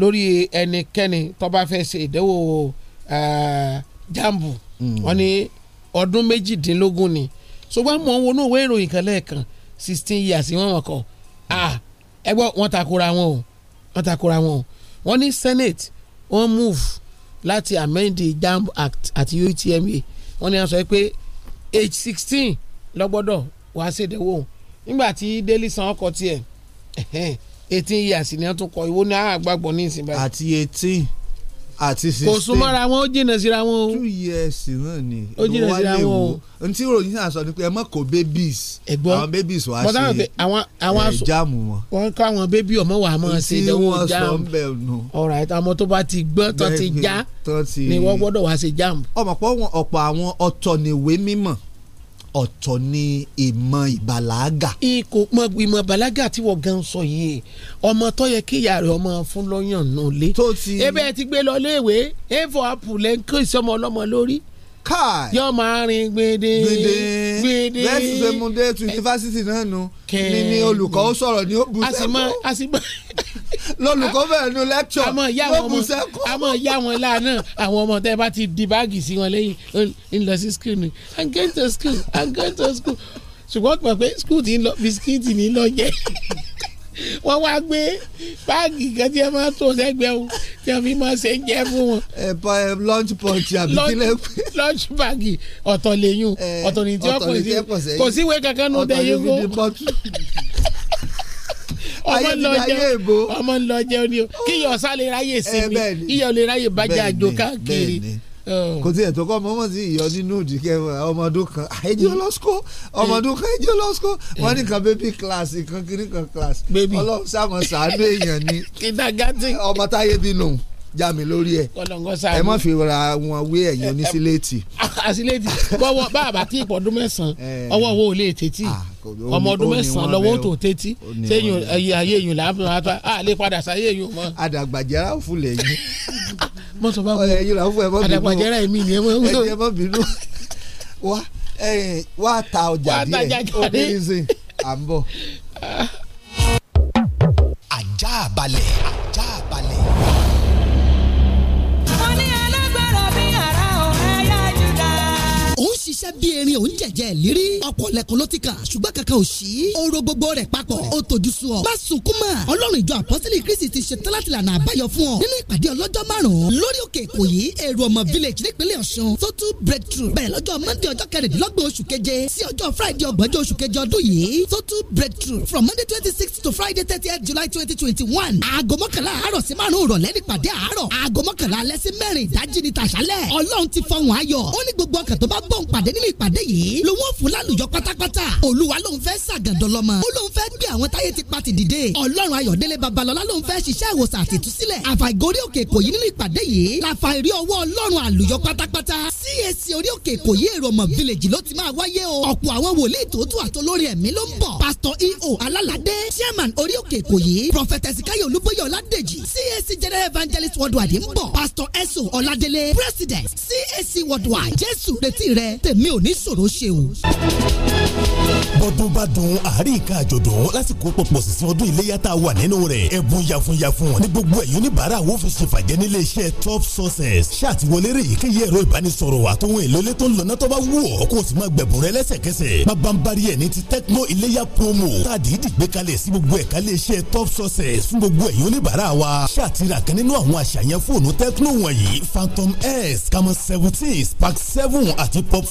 O: lórí ẹnikẹ́ni tó bá fẹ́ ṣe ìdánwò eh, jambu mm. wọn ni ọdún méjìdínlógún ni ṣùgbọ́n mò ń wọnú ìwé ìròyìn kan lẹ́ẹ̀kan. So, sixteen years wọ́n mọ̀ kọ́ ah, ẹ gbọ́ wọ́n takora wọn o wọ́n takora wọn o wọ́n ní senate wọ́n move láti amend the JAMB act àti UTMA wọ́n ní wọ́n sọ pé age sixteen lọ́gbọ́dọ̀ wàá ṣèdẹ́wò nígbà tí délé san ọkọ̀ tiẹ̀ eighteen years ni wọ́n tún kọ ìwọ ní àgbàgbọ́ ní
R: ìsìn báyìí. àti eighteen àti sixteen kò súnmọ́ra wọn ó jìnnà síra wọn o. two years náà ni ó jìnnà síra wọn o. n tí ròyìn náà sọ ni pé ẹ mọ̀ kó babies àwọn babies wàá ṣe ẹ jáàmù wọn.
O: wọ́n kọ́ àwọn bébí ọmọ wa máa ṣe ìdánwò jáàmù
R: ọ̀rọ̀ àìtọ́ ọmọ tó bá ti gbọ́n tó ti já ni wọ́n gbọ́dọ̀ wá ṣe jáàmù. ọmọ pọ̀ ọ̀pọ̀ àwọn ọ̀tọ̀ nìwé mímọ̀ ọ̀tọ̀ ni ìmọ̀ ìbàlágà. ikò mọ ìmọ̀ ìbàlágà tí wọ́n gan sọ yìí ọmọ tó yẹ kí ìyá rẹ̀ ọmọ fún lọ́yàn
O: náà lé. tó ti ebe ti gbé lọ léèwé a for apple lẹ́ ìsọmọ ọlọ́mọ lórí káì. yóò máa rin gbede gbede bẹ́ẹ̀ ṣe mu dé tu yunifásitì náà nu ni ni olùkọ́ ó sọ̀rọ̀ ni ó bu sẹ́kọ̀ọ́ lọ́lùkọ́ bẹ̀rẹ̀ nu lecture ló bu sẹ́kọ̀ọ́. a mọ̀ ya wọn lánà àwọn ọmọ tẹ́ bá ti di báàgì sí wọn lẹ́yìn ń lọ sí school ni i'm going to school i'm going to school ṣùgbọ́n pọ̀ pé school ti ń lọ bisikíìtì ní lọ jẹ́. wọ́n wá gbé báàgì kan tí ẹ máa tó sẹ́gbẹ́ o tí wọ́n fi máa ṣe jẹ́ fún wọn. ẹ pa ẹ lunch punch àbí kílẹ̀ pé. lunch bag ọ̀tọ̀ lẹ́yìn ọ̀tọ̀ ní tí wọ́n kò sí kò síwé kankan nù dẹ́yìn kó. ọmọ ńlọ jẹ ọmọ ńlọ jẹ ọ kí iyọ̀ sá ráyè sinmi eh, iyọ̀ lè ráyè bájà àjò káàkiri kò
R: tiẹ̀ tó kọ́ ọmọ ọmọ sí ìyọ nínú òdì kẹwàá ọmọ ọdún kan ẹjẹ ọlọ́sùkò ọmọ ọdún kan ẹjẹ ọlọ́sùkò wọ́n ní kan baby class kan kiri kan class ọlọ́run sàmọ̀ sàánú èèyàn ni ọmọ táyé bí lòun já mi lórí ẹ̀ ẹ má fi ra wọn wé ẹ̀yìn onísíléètì.
O: àsíléètì bọ́wọ́ bàbá tí ìpọ̀ ọdún mẹ́sàn-án ọwọ́ wo lè tètí ah, ọmọ ọdún mẹ́sàn-án lọ́wọ́ tó tètí sẹ́yìn ayé èyàn làwọn àlè padà sáyé èyàn mọ́. àdàgbàjẹ́ra
R: ò fúnlẹ̀ yìí. mo sọ fún ọ ẹyin fún ẹ mọ bínú àdàgbàjẹ́ra èmi ni ẹ mọ bínú wa wa ta ọjà díẹ̀ obìnrin sìn
I: ṣiṣẹ́ bí erin òun jẹ̀jẹ̀ lérí ọ̀pọ̀ lẹ́kùn ló ti kà ṣùgbọ́n kankan ò sí oró gbogbo rẹ̀ papọ̀ ó tòjú sú ọ. má sunkún ọlọ́run ìjọ àpọ́sílẹ̀ kristi ti ṣetán láti lànà àbáyọ fún ọ nínú ìpàdé ọlọ́jọ́ márùn-ún lórí òkè èkó yìí èrò ọmọ village nípínlẹ̀ ọ̀ṣun tó breakthrough bẹ̀rẹ̀ lọ́jọ́ monday ọjọ́ kẹrìndínlọ́gbọ̀n oṣù keje sí ọjọ́ friday ọgbọ̀njọ́ oṣù keje ọdún yìí tó breakthrough from monday twenty six to friday thirtieth july twenty twenty one aago mọ́kànlá àárọ̀ sí márùn-ún ìrọ̀lẹ́ nípàdé àárọ̀ aago mọ́kànlá alẹ́ sí mẹ́rin ìdájí ni tàṣálẹ̀ ọlọ́run ti fọhùn ayọ̀ ó ní gbogbo ọkàn tó bá gbóhùn pàd pàdé nínú ìpàdé yìí lòun ò fún lálùjọ pátápátá olúwa lòun fẹ́ ṣàgàdọ̀ lọ́mọ ó lòun fẹ́ gbé àwọn táyé ti pa ti dìde ọlọ́run ayọ̀délé babalọ́lá lòun fẹ́ ṣiṣẹ́ ìwòsàn àtìtúsílẹ̀ àfàìgórí òkè èkó yìí nínú ìpàdé yìí làfà ìrí ọwọ́ ọlọ́run àlùyọ pátápátá CAC orí òkè èkó yìí èrò ọmọ village ló ti máa wáyé o ọ̀pọ̀ àwọn wòlíì tòótù àtolórí ẹ̀mí ló ń bọ̀ pásítọ̀ eo alálàdé chairman orí òkè èkó yìí prọfẹtẹ sikayo olúbóyè ọládèjì CAC general evangelist worldwide ń bọ̀ pásítọ̀ eso ọládélé president CAC worldwide jésù retí rẹ t tèmi ò ní ṣòro ṣe o bọ́dún bá dun àárín
L: ìka àjọ̀dún lásìkò pọ̀pọ̀ sísun ọdún iléyà tá a wà nínú rẹ̀ ẹ̀bùn yàfùnyàfùn ní gbogbo ẹ̀yọ́ oníbàárà wo fi ṣèfàjẹ́ nílé iṣẹ́ top sources ṣàtiwọlé rè kéye ẹ̀rọ ìbánisọ̀rọ̀ àtòhun èlòlé tó ń lọ náà tó bá wù ọ́ kó o sì máa gbẹ̀bùn rẹ lẹ́sẹ̀kẹsẹ̀ pabambari ẹ̀ ní ti tecno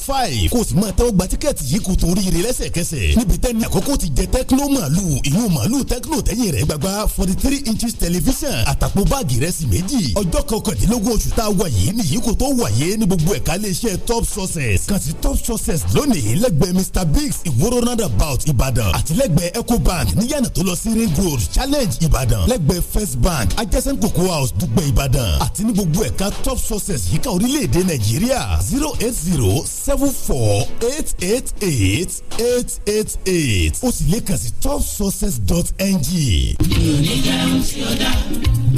L: five kò sì máa tẹ́wọ́ gba tíkẹ́ẹ̀tì yìí kò tó ríire lẹ́sẹ̀kẹsẹ̀ níbi tẹ́ni àkókò ti jẹ tẹ́kínó màálù ìyún màálù tẹ́kínó tẹ́yìn rẹ̀ gbagba forty three inches television àtàpọ̀ báàgì rẹ̀ sì méjì ọjọ́ kọkàndínlógún oṣù tá a wà yìí ni yìí kò tó wáyé ní gbogbo ẹ̀ka iléeṣẹ́ top sources kàn sí top sources lónìí lẹ́gbẹ̀ẹ́ mr biggs ìwóró roundabout ìbàdàn àtìlẹ́gbẹ̀ẹ́ ecobank níyànà tó lọ sí ring road challenge ìbàdàn lẹ́gbẹ̀ẹ́ first bank adjacent cocoa house dùgbẹ̀ ìbàdàn àti ní gbogbo ẹ̀ka top sources yíká orílẹ̀-èdè nàìjíríà zero eight zero seven seven four eight eight eight eight eight eight ó sì lè kàn sí topsuccess.ng. mi
T: ò ní fẹ́ ohun
M: tí ó dá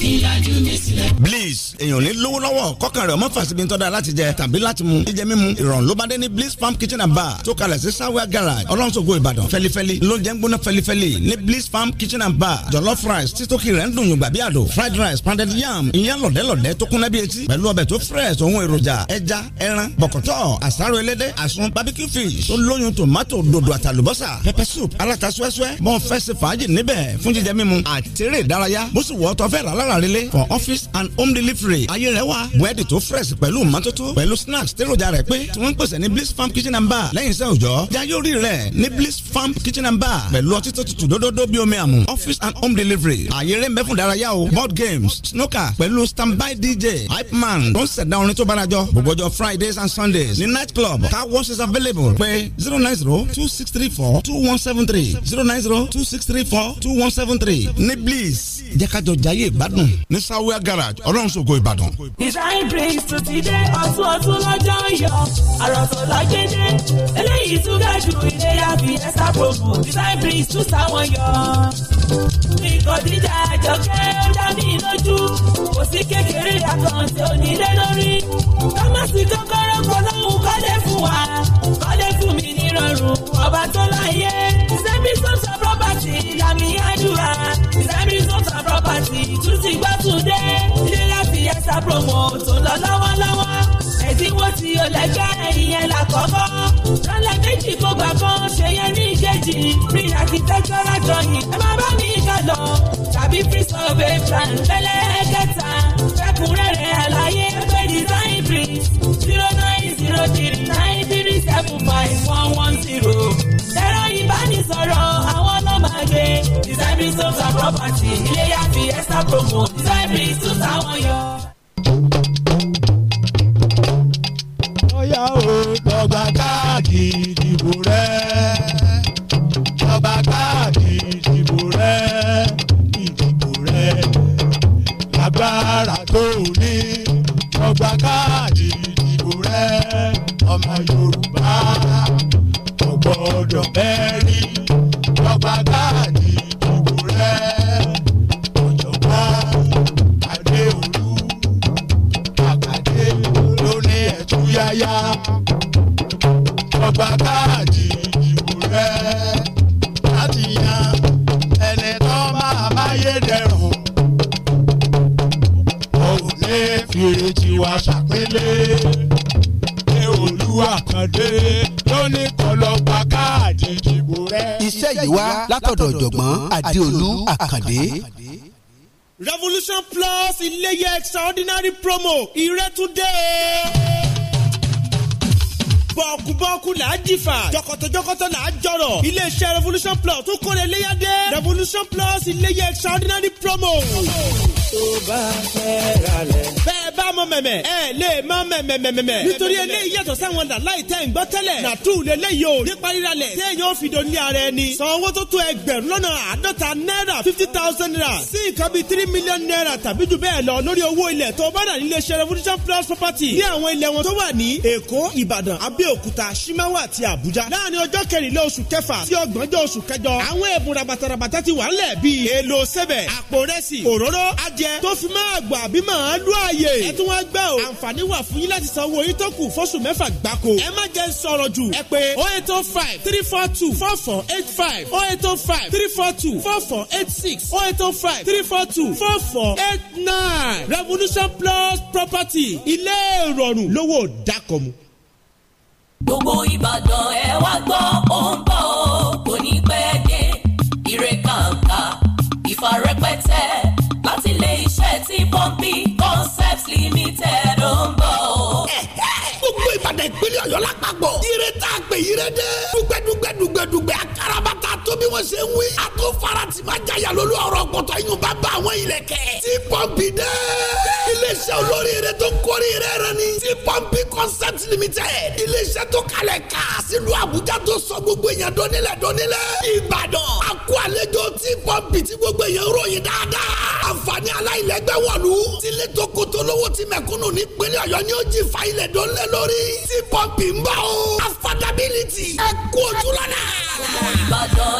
M: ìlàjú mi sílẹ̀.
T: bliss èèyàn ní lówó lọ́wọ́ kọ́kàn rẹ̀ ọmọ fàṣíbi tọ́da láti jẹ tàbí láti mu jíjẹ mímu ìrọ̀rùn ló bá dé ní bliss farm kitchen and bar tó kalẹ̀ sí sawa garage ọlọ́nṣogo ìbàdàn fẹlifẹli lóúnjẹ ń gbóná fẹlifẹli ní bliss farm kitchen and bar jollof rice títókì rẹ̀ ń dùn yùngbà bí àdó fried rice pounded yam ìyẹn lọ̀dẹ́lọ̀dẹ́ tó kúnná bí etí pẹ̀lú ọbẹ̀ tó fresh òun èròjà ẹja ẹran bọ̀kọ̀tọ̀ àsáró ẹl ẹlẹ́dẹ̀ àsun barbecue fish olóyún tomato dodo àtàlùbọ́sà pepper soup aláta súẹ́súẹ́ mọ fẹ́sẹ̀ fàájì níbẹ̀ fún jíjẹ mímu àtẹ̀rẹ̀ ìdárayá bó sì wọ́ tọ́fẹ́ rárá relé for office and home delivery ayé rẹ wá búrẹ́dì tó fresh pẹ̀lú mọ́tótó pẹ̀lú snacks tẹ́rọ̀jà rẹ̀ pé tí wọ́n ń pèsè ní bliss farm kitchen and bar lẹ́yìn iṣẹ́ òòjọ́ jayórí rẹ̀ ní bliss farm kitchen and bar pẹ̀lú ọtí tó tutù dódódó bí omi àmù office and home delivery ayé rẹ̀ ń bẹ fún ìdárayá o board games snooker pẹ̀lú standby dj hype man tó ń ṣẹ̀dá orin tó bára jọ gbogbo ọjọ́ fridays and sundays ní night club club. Car wash is available. Pé zero nine zero two six three four two one seven three zero nine zero two six three four two one seven three ní Bliss. Jẹ́ jayé Ìbàdàn. Ní Sáwẹ́ Garage, Ọlọ́runṣògo Ìbàdàn.
M: Ìsáyìn Prince tún ti dé ọ̀tún ọ̀tún lọ́jọ́ yọ. Àròsọ lágbèdè, eléyìí tún ga ju ìléyà fi ẹ̀sà promo. Ìsáyìn Prince tún sáwọn yọ. Nǹkan jíjà àjọkẹ́ ó dá mi lójú. Kò sí kékeré àkànṣe onílé lórí kámásì kọ́kọ́rọ́ polówó kọ́lé fún wa kọ́lé fún mi nírọ̀rùn ọba tó láyé ìsẹ́mi sọ́sọ́ property làmì àdúrà ìsẹ́mi sọ́sọ́ property tún ti gbọ́ túndé ilé láti yẹsà promo tó lọ lọ́wọ́lọ́wọ́ ẹ̀dínwó tí o lẹ́gbẹ́ ìyẹn là kọ́kọ́ lọ́lẹ̀ méjì kó gbà kan ṣe yẹn ní ìkejì rí àkìtẹ́kọ̀rọ̀ jọyìn ẹ má bá mi kà lọ tàbí free survey plan lẹ́lẹ́kẹta fẹ́kúnrẹ́rẹ́ àlàyé pé design three zero nine zero three nine three seven five one one zero. ẹ̀rọ ìbánisọ̀rọ̀ àwọn ọlọ́màgbé Design homes and property ilé yàtì extra promo Design biz tún
K: táwọn yọ. bóyá o
L: dọ̀gba káàdì ìdìbò rẹ dọ̀gba káàdì ìdìbò rẹ ìdìbò rẹ lágbára tó ní ọgbà káàdì ìdìbò rẹ ọmọ Yorùbá ọgbọ́dọ̀ bẹ́ẹ̀rí ọgbà káàdì ìdìbò rẹ ọ̀jọ̀gbọ́n Adéolú àkàdé ló ní ẹ̀túyáyá ọgbà káàdì.
K: olúwa ṣàpélé ṣé olúwa kan dé lónìí kọ́ lọ gba káàdì ìdìbò rẹ. iṣẹ́ yìí wá látọ̀dọ̀ ọ̀jọ̀gbọ́n adéolú àkàndé. revolution plus iléyẹ extraordinary promo ìrẹ́túndé bọ́ọ̀kú-bọ́ọ̀kú là á jìfà jọkọ̀tọ̀jọkọ̀tọ̀ là á jọ̀rọ̀ iléeṣẹ́ revolution plus tún kọ́ni ẹlẹ́yàdé revolution plus iléyẹ extraordinary promo. Oh tó bá fẹ́ ralẹ̀. bẹ́ẹ̀ bá mọ mẹ̀mẹ̀ ẹ lè má mẹ̀mẹ̀mẹ̀mẹ̀. nítorí eléyìí yàtọ̀ sáwọn làláì tẹ̀ ń gbọ́ tẹ́lẹ̀. nàtú lélẹ́yìí o nípa ríra lẹ̀ téèyàn ó fi dòní ara ẹni. san owó tó tó ẹgbẹ̀rún lọ́nà àádọ́ta náírà fifty thousand naira sí nǹkan bíi three million naira tàbí jù bẹ́ẹ̀ lọ lórí owó ilẹ̀ tó bá dà nílé iṣẹ́ revolution plus property ní àwọn ilẹ̀ wọn tó wà ní èkó ìbàdàn abẹ́òkúta shimawa àti àbújá láàrin ọjọ́ kẹrìnlá oṣù kẹfà sí ọgbọ̀njọ́ oṣù kẹjọ àwọn ẹ̀bùn rabatarabata ti wà ńlẹ̀ bíi èlò sẹ́bẹ̀ àpò rẹ́sì òróró aj jẹ tó fi máa gbà bí màá lú àyè. ẹ tún wá gbà o àǹfààní wà fún yín láti san owó yín tó kù fóṣù mẹ́fà gbáko. ẹ má jẹ́ sọ̀rọ̀ jù ẹ pé oh eight oh five three four two four four eight five oh eight oh five three four two four four eight six oh eight oh five three four two four four eight nine revolution plus property ilé ìrọ̀rùn lówó dákọ̀mu. gbogbo Ìbàdàn ẹ wá gbọ́ ó ń bọ̀.
J: limited
G: ló ń bọ̀ o. gbogbo Ìbàdàn ìpínlẹ̀ Ọ̀yọ́ lápapọ̀ ire tá a pè ire dé. dùgbẹ́dùgbẹ́dùgbẹ́dùgbẹ́ akaraba tó bí wọ́n ṣe ń wí. a tó fara tí ma ọ̀rọ̀ gbọ̀tọ̀ yín bá bá àwọn ilẹ̀ kẹ́. ti pọ́ǹpì dẹ́. iléeṣẹ́ olórí rẹ tó ń kórè rẹ rẹ ni. ti pọ́ǹpì concept limited. iléeṣẹ́ tó kalẹ̀ ká sílùú àbújá tó sọ gbogbo èèyàn dọ́nilẹ̀ dọ́nilẹ̀. ìbàdàn a kó àlejò ti pọ́ǹpì tí gbogbo èèyàn ròyìn dáadáa. àǹfààní aláìlẹ́gbẹ́ wọ̀lú. tilé tó koto ti mẹ̀kúnnù ni ó jì fa ilẹ̀ dọ́nilẹ̀ lórí. ti o. affordability ẹ kú ojú ìbàdàn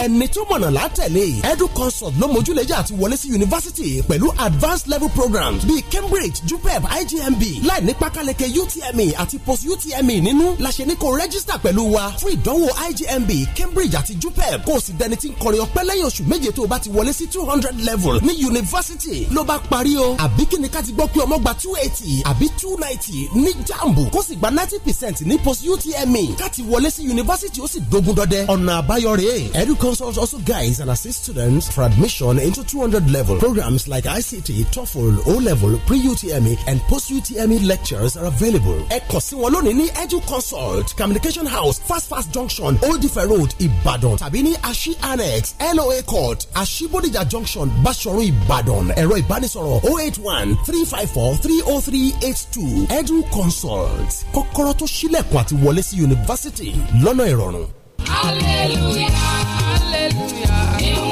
M: ẹni
F: tó mọ̀nà látẹ̀lé edu consult ló mójúlẹ̀jà àti wọlé sí yunifásitì pẹ̀lú advanced level programs bíi cambridge jupeb igmb láì ní pákáleke utme àti post utme nínú la ṣe ní kó rẹ́gísítà pẹ̀lú wa fún ìdánwò igmb cambridge àti jupeb kó o sì dẹni tí ń kọrin ọpẹ́ lẹ́yìn oṣù méje tó o bá ti wọlé sí two hundred level ní
I: yunifásitì
F: ló bá parí o àbí kí ni ká ti gbọ́ pé ọmọ gba two eighty àbí two ninety ní jambu kó sì gba ninety percent ní post utme ká ti wọlé sí yunifásitì ó sì dogun dọdẹ ọ̀nà àbáyọ rèé edu also, also guides and assists students for admission into 200 level. Programs like ICT, TOEFL, O level, pre UTME, and post UTME lectures are available. Ẹ̀kọ́ sí wọn Edu Consult, Communication House, Fast Fast Junction, Old Ife Road, Ibadan. Tabini Ashi Annex, LOA Court, Ashibodija Junction, Bashorun, Ibadan, Ẹ̀rọ ìbánisọ̀rọ̀ 081 354 30382. Edu Consult, Kokoroto Shilekwati ṣílẹ̀kùn University. Lono sí
I: hallelujah hallelujah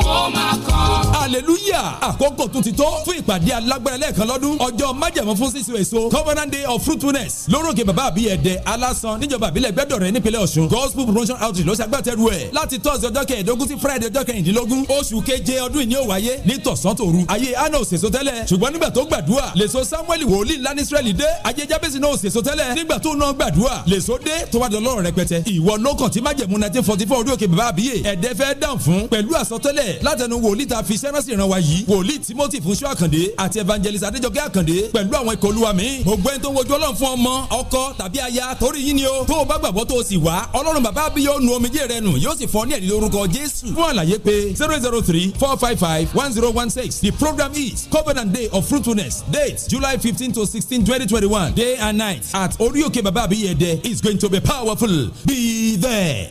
P: hallelujah àkókò tún ti tó fún ìpàdé alágbára lẹ́ẹ̀kan lọ́dún ọjọ́ májẹ̀mú fún sísun èso covenant day of fruitfulness lórúkè bàbá àbí ẹ̀dẹ̀ alásán níjọba àbílẹ̀ gbẹ́dọ̀rẹ́ nípínlẹ̀ ọ̀ṣun gospel promotion outreach ló ṣàgbàtẹ́rù ẹ̀ láti tọ́sí ọjọ́ kẹẹ̀ẹ́dógún sí friday ọjọ́ kẹrìndínlógún oṣù keje ọdún ìní òwáyé ní tọ̀sán tòru ayé anna òṣèso tẹ́lẹ̀ ṣùgbọ́n nígbà tó gbàdúrà lèso samuel wòlíì ńlá ní israẹli dé ayé jábẹ́sì náà òṣèso tẹ́lẹ̀ nígbà tó náà gbàdúrà lèso dé tó wá dọlọ́rọ̀ rẹpẹtẹ ìwọ ló kàn tí májẹ̀mú forty four orí òkè bàbá àbíyè ẹ̀dẹ́ fẹ́ dàn fún pẹ̀lú àsọtẹ́lẹ̀ látẹnu wòlíì ta fi sẹ́rẹ́sì ràn wá yìí wòlíì timothy fúnṣọ́ àkàndé àti evangelist adéjọkẹ́ àkàndé pẹ̀lú àwọn ikọ̀ olúwa mi gbogbo ẹni tó wojú ọlọ́run fún ọmọ ọkọ tàbí aya torí yín ni o tó o bá gbàgbọ́ tó o sì wá ọlọ́run bàbá bí yóò nu omijé rẹ nù yóò sì fọ ní ẹ̀rí lórúkọ jésù fún àlàyé pé zero zero three four five five one zero one six the program is covenant day of fruitfulness date july fifteen to sixteen twenty twenty one day and night at oríòkè bàbá àbíyẹ̀dẹ is going to be powerful be there.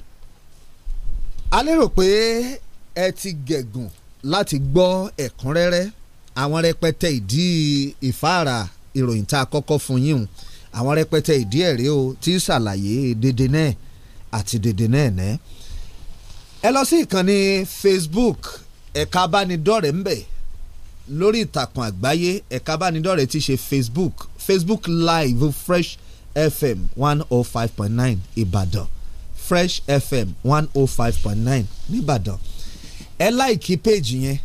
R: a lérò pé ẹ ti gẹ̀gùn láti gbọ́ ẹ̀kúnrẹ́rẹ́ àwọn rẹpẹtẹ ìdí ìfáàrà ìròyìn tá a kọ́kọ́ fún yín o àwọn rẹpẹtẹ ìdí ẹ̀rí o ti ṣàlàyé dédé náà àti dédé náà nẹ́. ẹ lọ sí ìkànnì Facebook ẹ̀ka abánidọ́rẹ̀ẹ́ ńbẹ̀ lórí ìtàkùn àgbáyé ẹ̀ka abánidọ́rẹ̀ẹ́ ti ṣe Facebook Facebook Live Fresh FM one oh five point nine Ìbàdàn fresh fm one oh five point nine nìbàdàn ẹ láìkí péèjì yẹn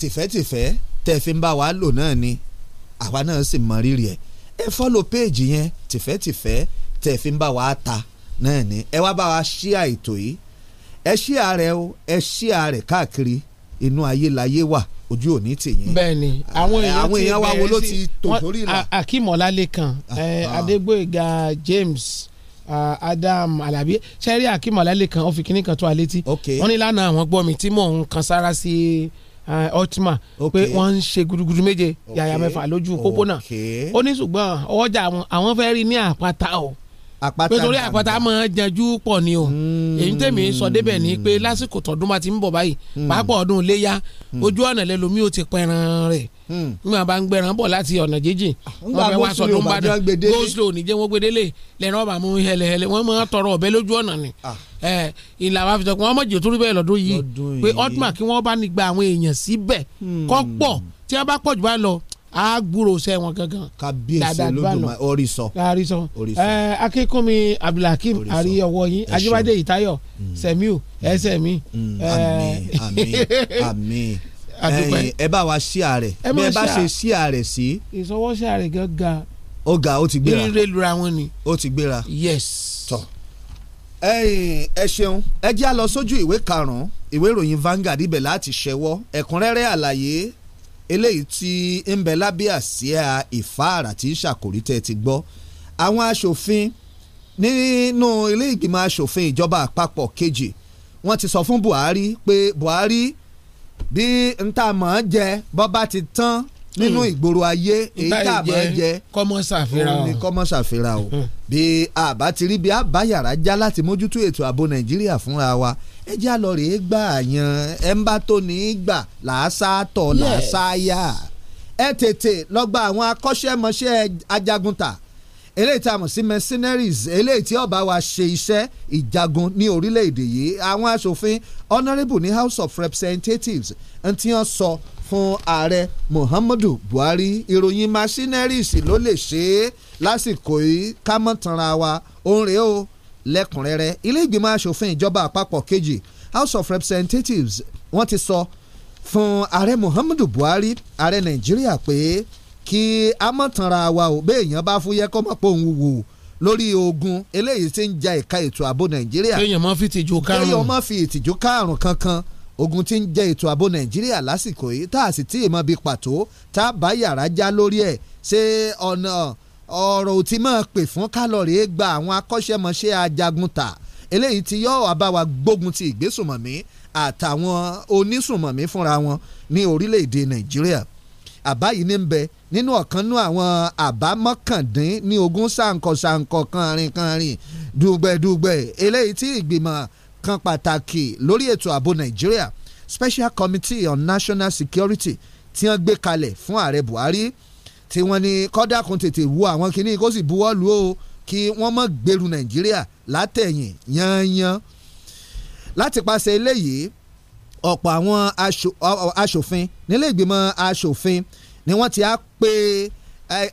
R: tìfẹ́tìfẹ́ tẹ́ fi ń bá wa lò náà ni àwa náà sì mọ rírì ẹ̀ ẹ fọ́lọ̀ péèjì yẹn tìfẹ́tìfẹ́ tẹ́ wa ta náà ni ẹ wá bá wa ṣíà ètò yìí ẹ ṣíà rẹ o ẹ ṣíà rẹ káàkiri inú ayé wà ojú òní tèyìn.
O: bẹ́ẹ̀ni àwọn èèyàn wa wo ló ti tò sórí ìlà. akimola lekan adegboyega ah, eh, ah. James Uh, Adam Alabi sẹ́rí Akim Alale kan ó fi kinní kan tó a létí wọ́n ní lánàá àwọn gbọ́ mi tí mò ń kan sára sí uh, i ọtíma pé wọ́n ń ṣe gudugudu méje yàyà mẹ́fà lójú pópónà ó ní ṣùgbọ́n ọwọ́jà àwọn fẹ́ rí ní àpáta o. Okay àpáta pé torí àpáta máa janjú pọ̀ ni o hmm. èyí tèmi sọ débẹ̀ ni pé lásìkò tọdún máa ti ń bọ̀ báyìí hmm. pàápọ̀ ọdún léyà hmm. ojú ọ̀nà lẹ́lòmí ò ti pẹran rẹ̀ nígbà bá ń gbẹran bọ̀ láti ọ̀nà jíjìn ah, wọ́n fẹ́ wá sọdún bàdàn go slow níjẹ́ wọ́n gbedele lẹ́nu ọ̀bà mú hẹlẹ́hẹlẹ́ wọ́n máa tọrọ ọ̀bẹ lójú ọ̀nà ni ah. ìlà wa fi sọ pé wọ́n mọ̀jẹ̀ tó rí bẹ́ẹ̀ lọ́dún yìí pé ọdún àkínwọ́n bá ní gba àwọn èèyàn síbẹ̀ kọ́ pọ̀ tí wọ́n bá pọ̀ jù bá á gbúrò sẹ́ wọn gangan. kábíyèsí olódùmarè
R: orísọ. orísọ
O: ẹ akínkúnmi abdulhakeem àríyọwọ yín ajibade ìtayọ mm. sẹmiu ẹsẹ mi. Mm. Mm. àmín àmín
R: àmín ẹyin ẹ bá wa ṣí ààrẹ bẹ́ẹ̀ bá ṣe ṣí ààrẹ sí.
O: ìsọwọ́ ṣí ààrẹ
R: ó ga ó ti gbéra eré lura wọn ni. ó ti gbéra. yes. tọ ẹyin ẹ ṣeun ẹ jẹ́ a lọ sójú ìwé karùn-ún ìwé ìròyìn Vanguard ibẹ̀ láti ṣẹwọ́ ẹ̀kúnrẹ́rẹ́ àlàyé eléyìí tí ń bẹ lábẹ́ àsíá ìfáàrà tí ṣàkórí tẹ́ ti gbọ́ àwọn aṣòfin nínú ilé ìgbìmọ̀ aṣòfin ìjọba àpapọ̀ kejì wọ́n ti sọ fún Buhari pé Buhari bí n ta mọ̀ ọ́n jẹ bọ́ bá ti tán nínú hmm. ìgboro ayé èyí tá a máa jẹ kọ́mọ́ ṣàfihàn o ní kọ́mọ́ ṣàfihàn o hmm. bí àbá ti rí bí àbáyàrá já láti mójútó ètò ààbò Nàìjíríà fúnra wa ẹ já lọ rèé gbà yan ẹ ń bá tó ní í gbà làásà tọ̀ làásà yá ẹ tètè lọ́gbà àwọn akọ́ṣẹ́mọṣẹ́ ajagunta eléyìí tá a mọ̀ sí mercenaries eléyìí tí ọba wa ṣe iṣẹ́ ìjagun ní orílẹ̀-èdè yìí àwọn aṣòfin honourable ní house of representatives ń tí wọ́n sọ fún ààrẹ muhammadu buhari ìròyìn mercenaries ló lè ṣe é lásìkò yìí ká mọ̀ tanra wa òun rèé o lẹ́kùnrẹ́rẹ́ ilé ìgbìmọ̀ asòfin ìjọba àpapọ̀ kejì House of Representatives wọ́n ti sọ fún ààrẹ Muhammadu Buhari ààrẹ Nàìjíríà pé kí a mọ̀ tanra wa ò bẹ́ẹ̀ èèyàn bá fúyẹ́ kọ́ mọ̀ pé òun wò ó lórí ogun eléyìí tí ń ja ìka ètò ààbò nàìjíríà kéèyàn má fi ìtìjú kárùn kéèyàn má fi ìtìjú kárùn kankan ogun tí ń jẹ ètò ààbò nàìjíríà lásìkò yìí tá a sì tí ì mọ bí pàtó tá a bá yàrá já lórí ẹ̀ ṣé ọ̀nà ọ̀rọ̀ ò ti máa pè fún kálọ̀rì gba àwọn akọ́ṣẹ́mọṣẹ́ ajagunta eléyìí ti yọ àbáwá gbógun ti ìgbésùnmọ̀mí àtàwọn onísùnmọ̀mí fúnra wọn ní orílẹ̀-èdè nàìjíríà àbá yìí ní ń bẹ nínú ọ̀kan nú àwọn àbá mọ́kàndín ní ogún sàǹkọ̀sàǹkọ̀ kanrin kanrin dùgbẹ̀dùgbẹ̀ eléyìí tí ìgbìmọ̀ kan pàtàkì lórí ètò ààbò nàìjíríà Special Committee on National Security tí wọ́n gbé kalẹ̀ fún ààrẹ Buhari tí wọ́n ní kọ́dàkùn tètè wo àwọn kinní kó sì buwọ́ lu o kí wọ́n má gbèrú nàìjíríà látẹ̀yìn yanyan láti paṣẹ eléyìí ọ̀pọ̀ àwọn aṣòfin nílé ìgbìmọ̀ aṣòfin ni wọ́n ti á pé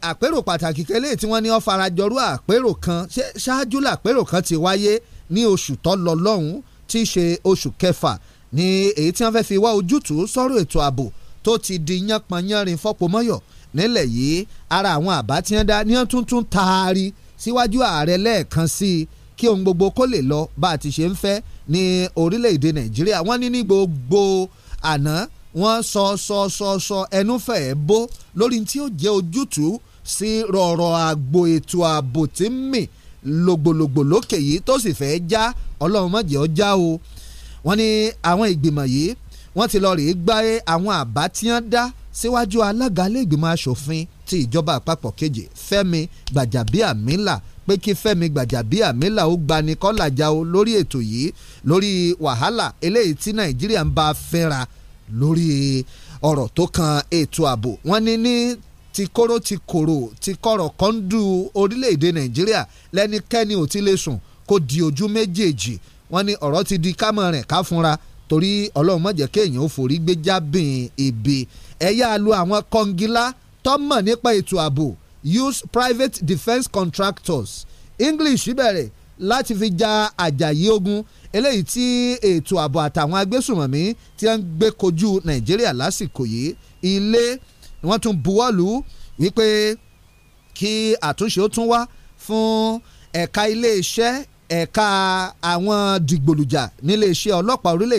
R: àpérò pàtàkì kẹlẹ́ tí wọ́n ní ó farajọrú àpérò kan ṣáájú làpérò kan ti wáyé ní oṣù tó lọ lọ́hùn tí í ṣe oṣù kẹfà ní èyí tí wọ́n fẹ́ fi wá ojútùú sọ̀rọ̀ ètò ààbò tó ti di yánpọnyánrin fọ́pọ̀ mọ́yọ̀ nílẹ̀ yìí ara àwọn àbá tí wọ́n dá ní wọ́n tuntun taari síwájú ààrẹ lẹ́ẹ̀kan sí i kí ohun gbogbo kó lè lọ bá a ti ṣe ń fẹ́ ní orílẹ̀-èdè nàìjíríà wọ́n ní ní gbogbo àná wọ́n sọ sọ sọ sọ ẹnu fẹ̀ẹ́ bó lórí tí ó jẹ́ ojútùú sí rọ̀rọ̀ àgbo ètò ààbò tí ń mì lògbòlògbò lókè yìí tó sì fẹ́ já ọlọ́run má jẹ́ já o wọ́n ní àwọn ìgbìmọ̀ yìí wọ́n ti lọ rèé gbáyé àwọn àbá tí wọ́n dá síwájú alága ilégbìmọ̀ asòfin ti ìjọba àpapọ̀ kejì Fẹ́mi Gbàjàbíàmílà pé kí Fẹ́mi Gbàjàbíàmílà ó gbani kọ́làjà o lórí ètò yìí lórí wàhálà eléyìí tí Nàìjíríà ń bá fínra lórí ọ̀rọ̀ tó kan ètò ààbò wọ́n ní ní ti kóró ti kòrò ti kọ̀rọ̀ kọ́ńdù orílẹ̀-èdè Nàìjíríà lẹ́nikẹ́ni ò ti lè sùn kó di ojú méjèèjì wọ́n ní ọ̀rọ̀ ti di kámọ̀ rẹ̀ ká fúnra torí ọlọ́run má kéèyàn ó forí gbé jábìn ibi ẹ yáa lu àwọn kọngilá tọ́mọ̀ nípa ètò ààbò use private defence contractors english bẹ̀rẹ̀ láti fi ja àjàyí ogun eléyìí tí ètò ààbò àtàwọn agbésùmọ̀mí tí wọ́n ń gbé kojú nàìjíríà lásìkò yìí ilé wọ́n tún buwọ́lù wípé kí àtúnṣe ó tún wá fún ẹ̀ka iléeṣẹ́ ẹ̀ka àwọn dìgbòlùjà níléeṣẹ́ ọlọ́pàá orílẹ̀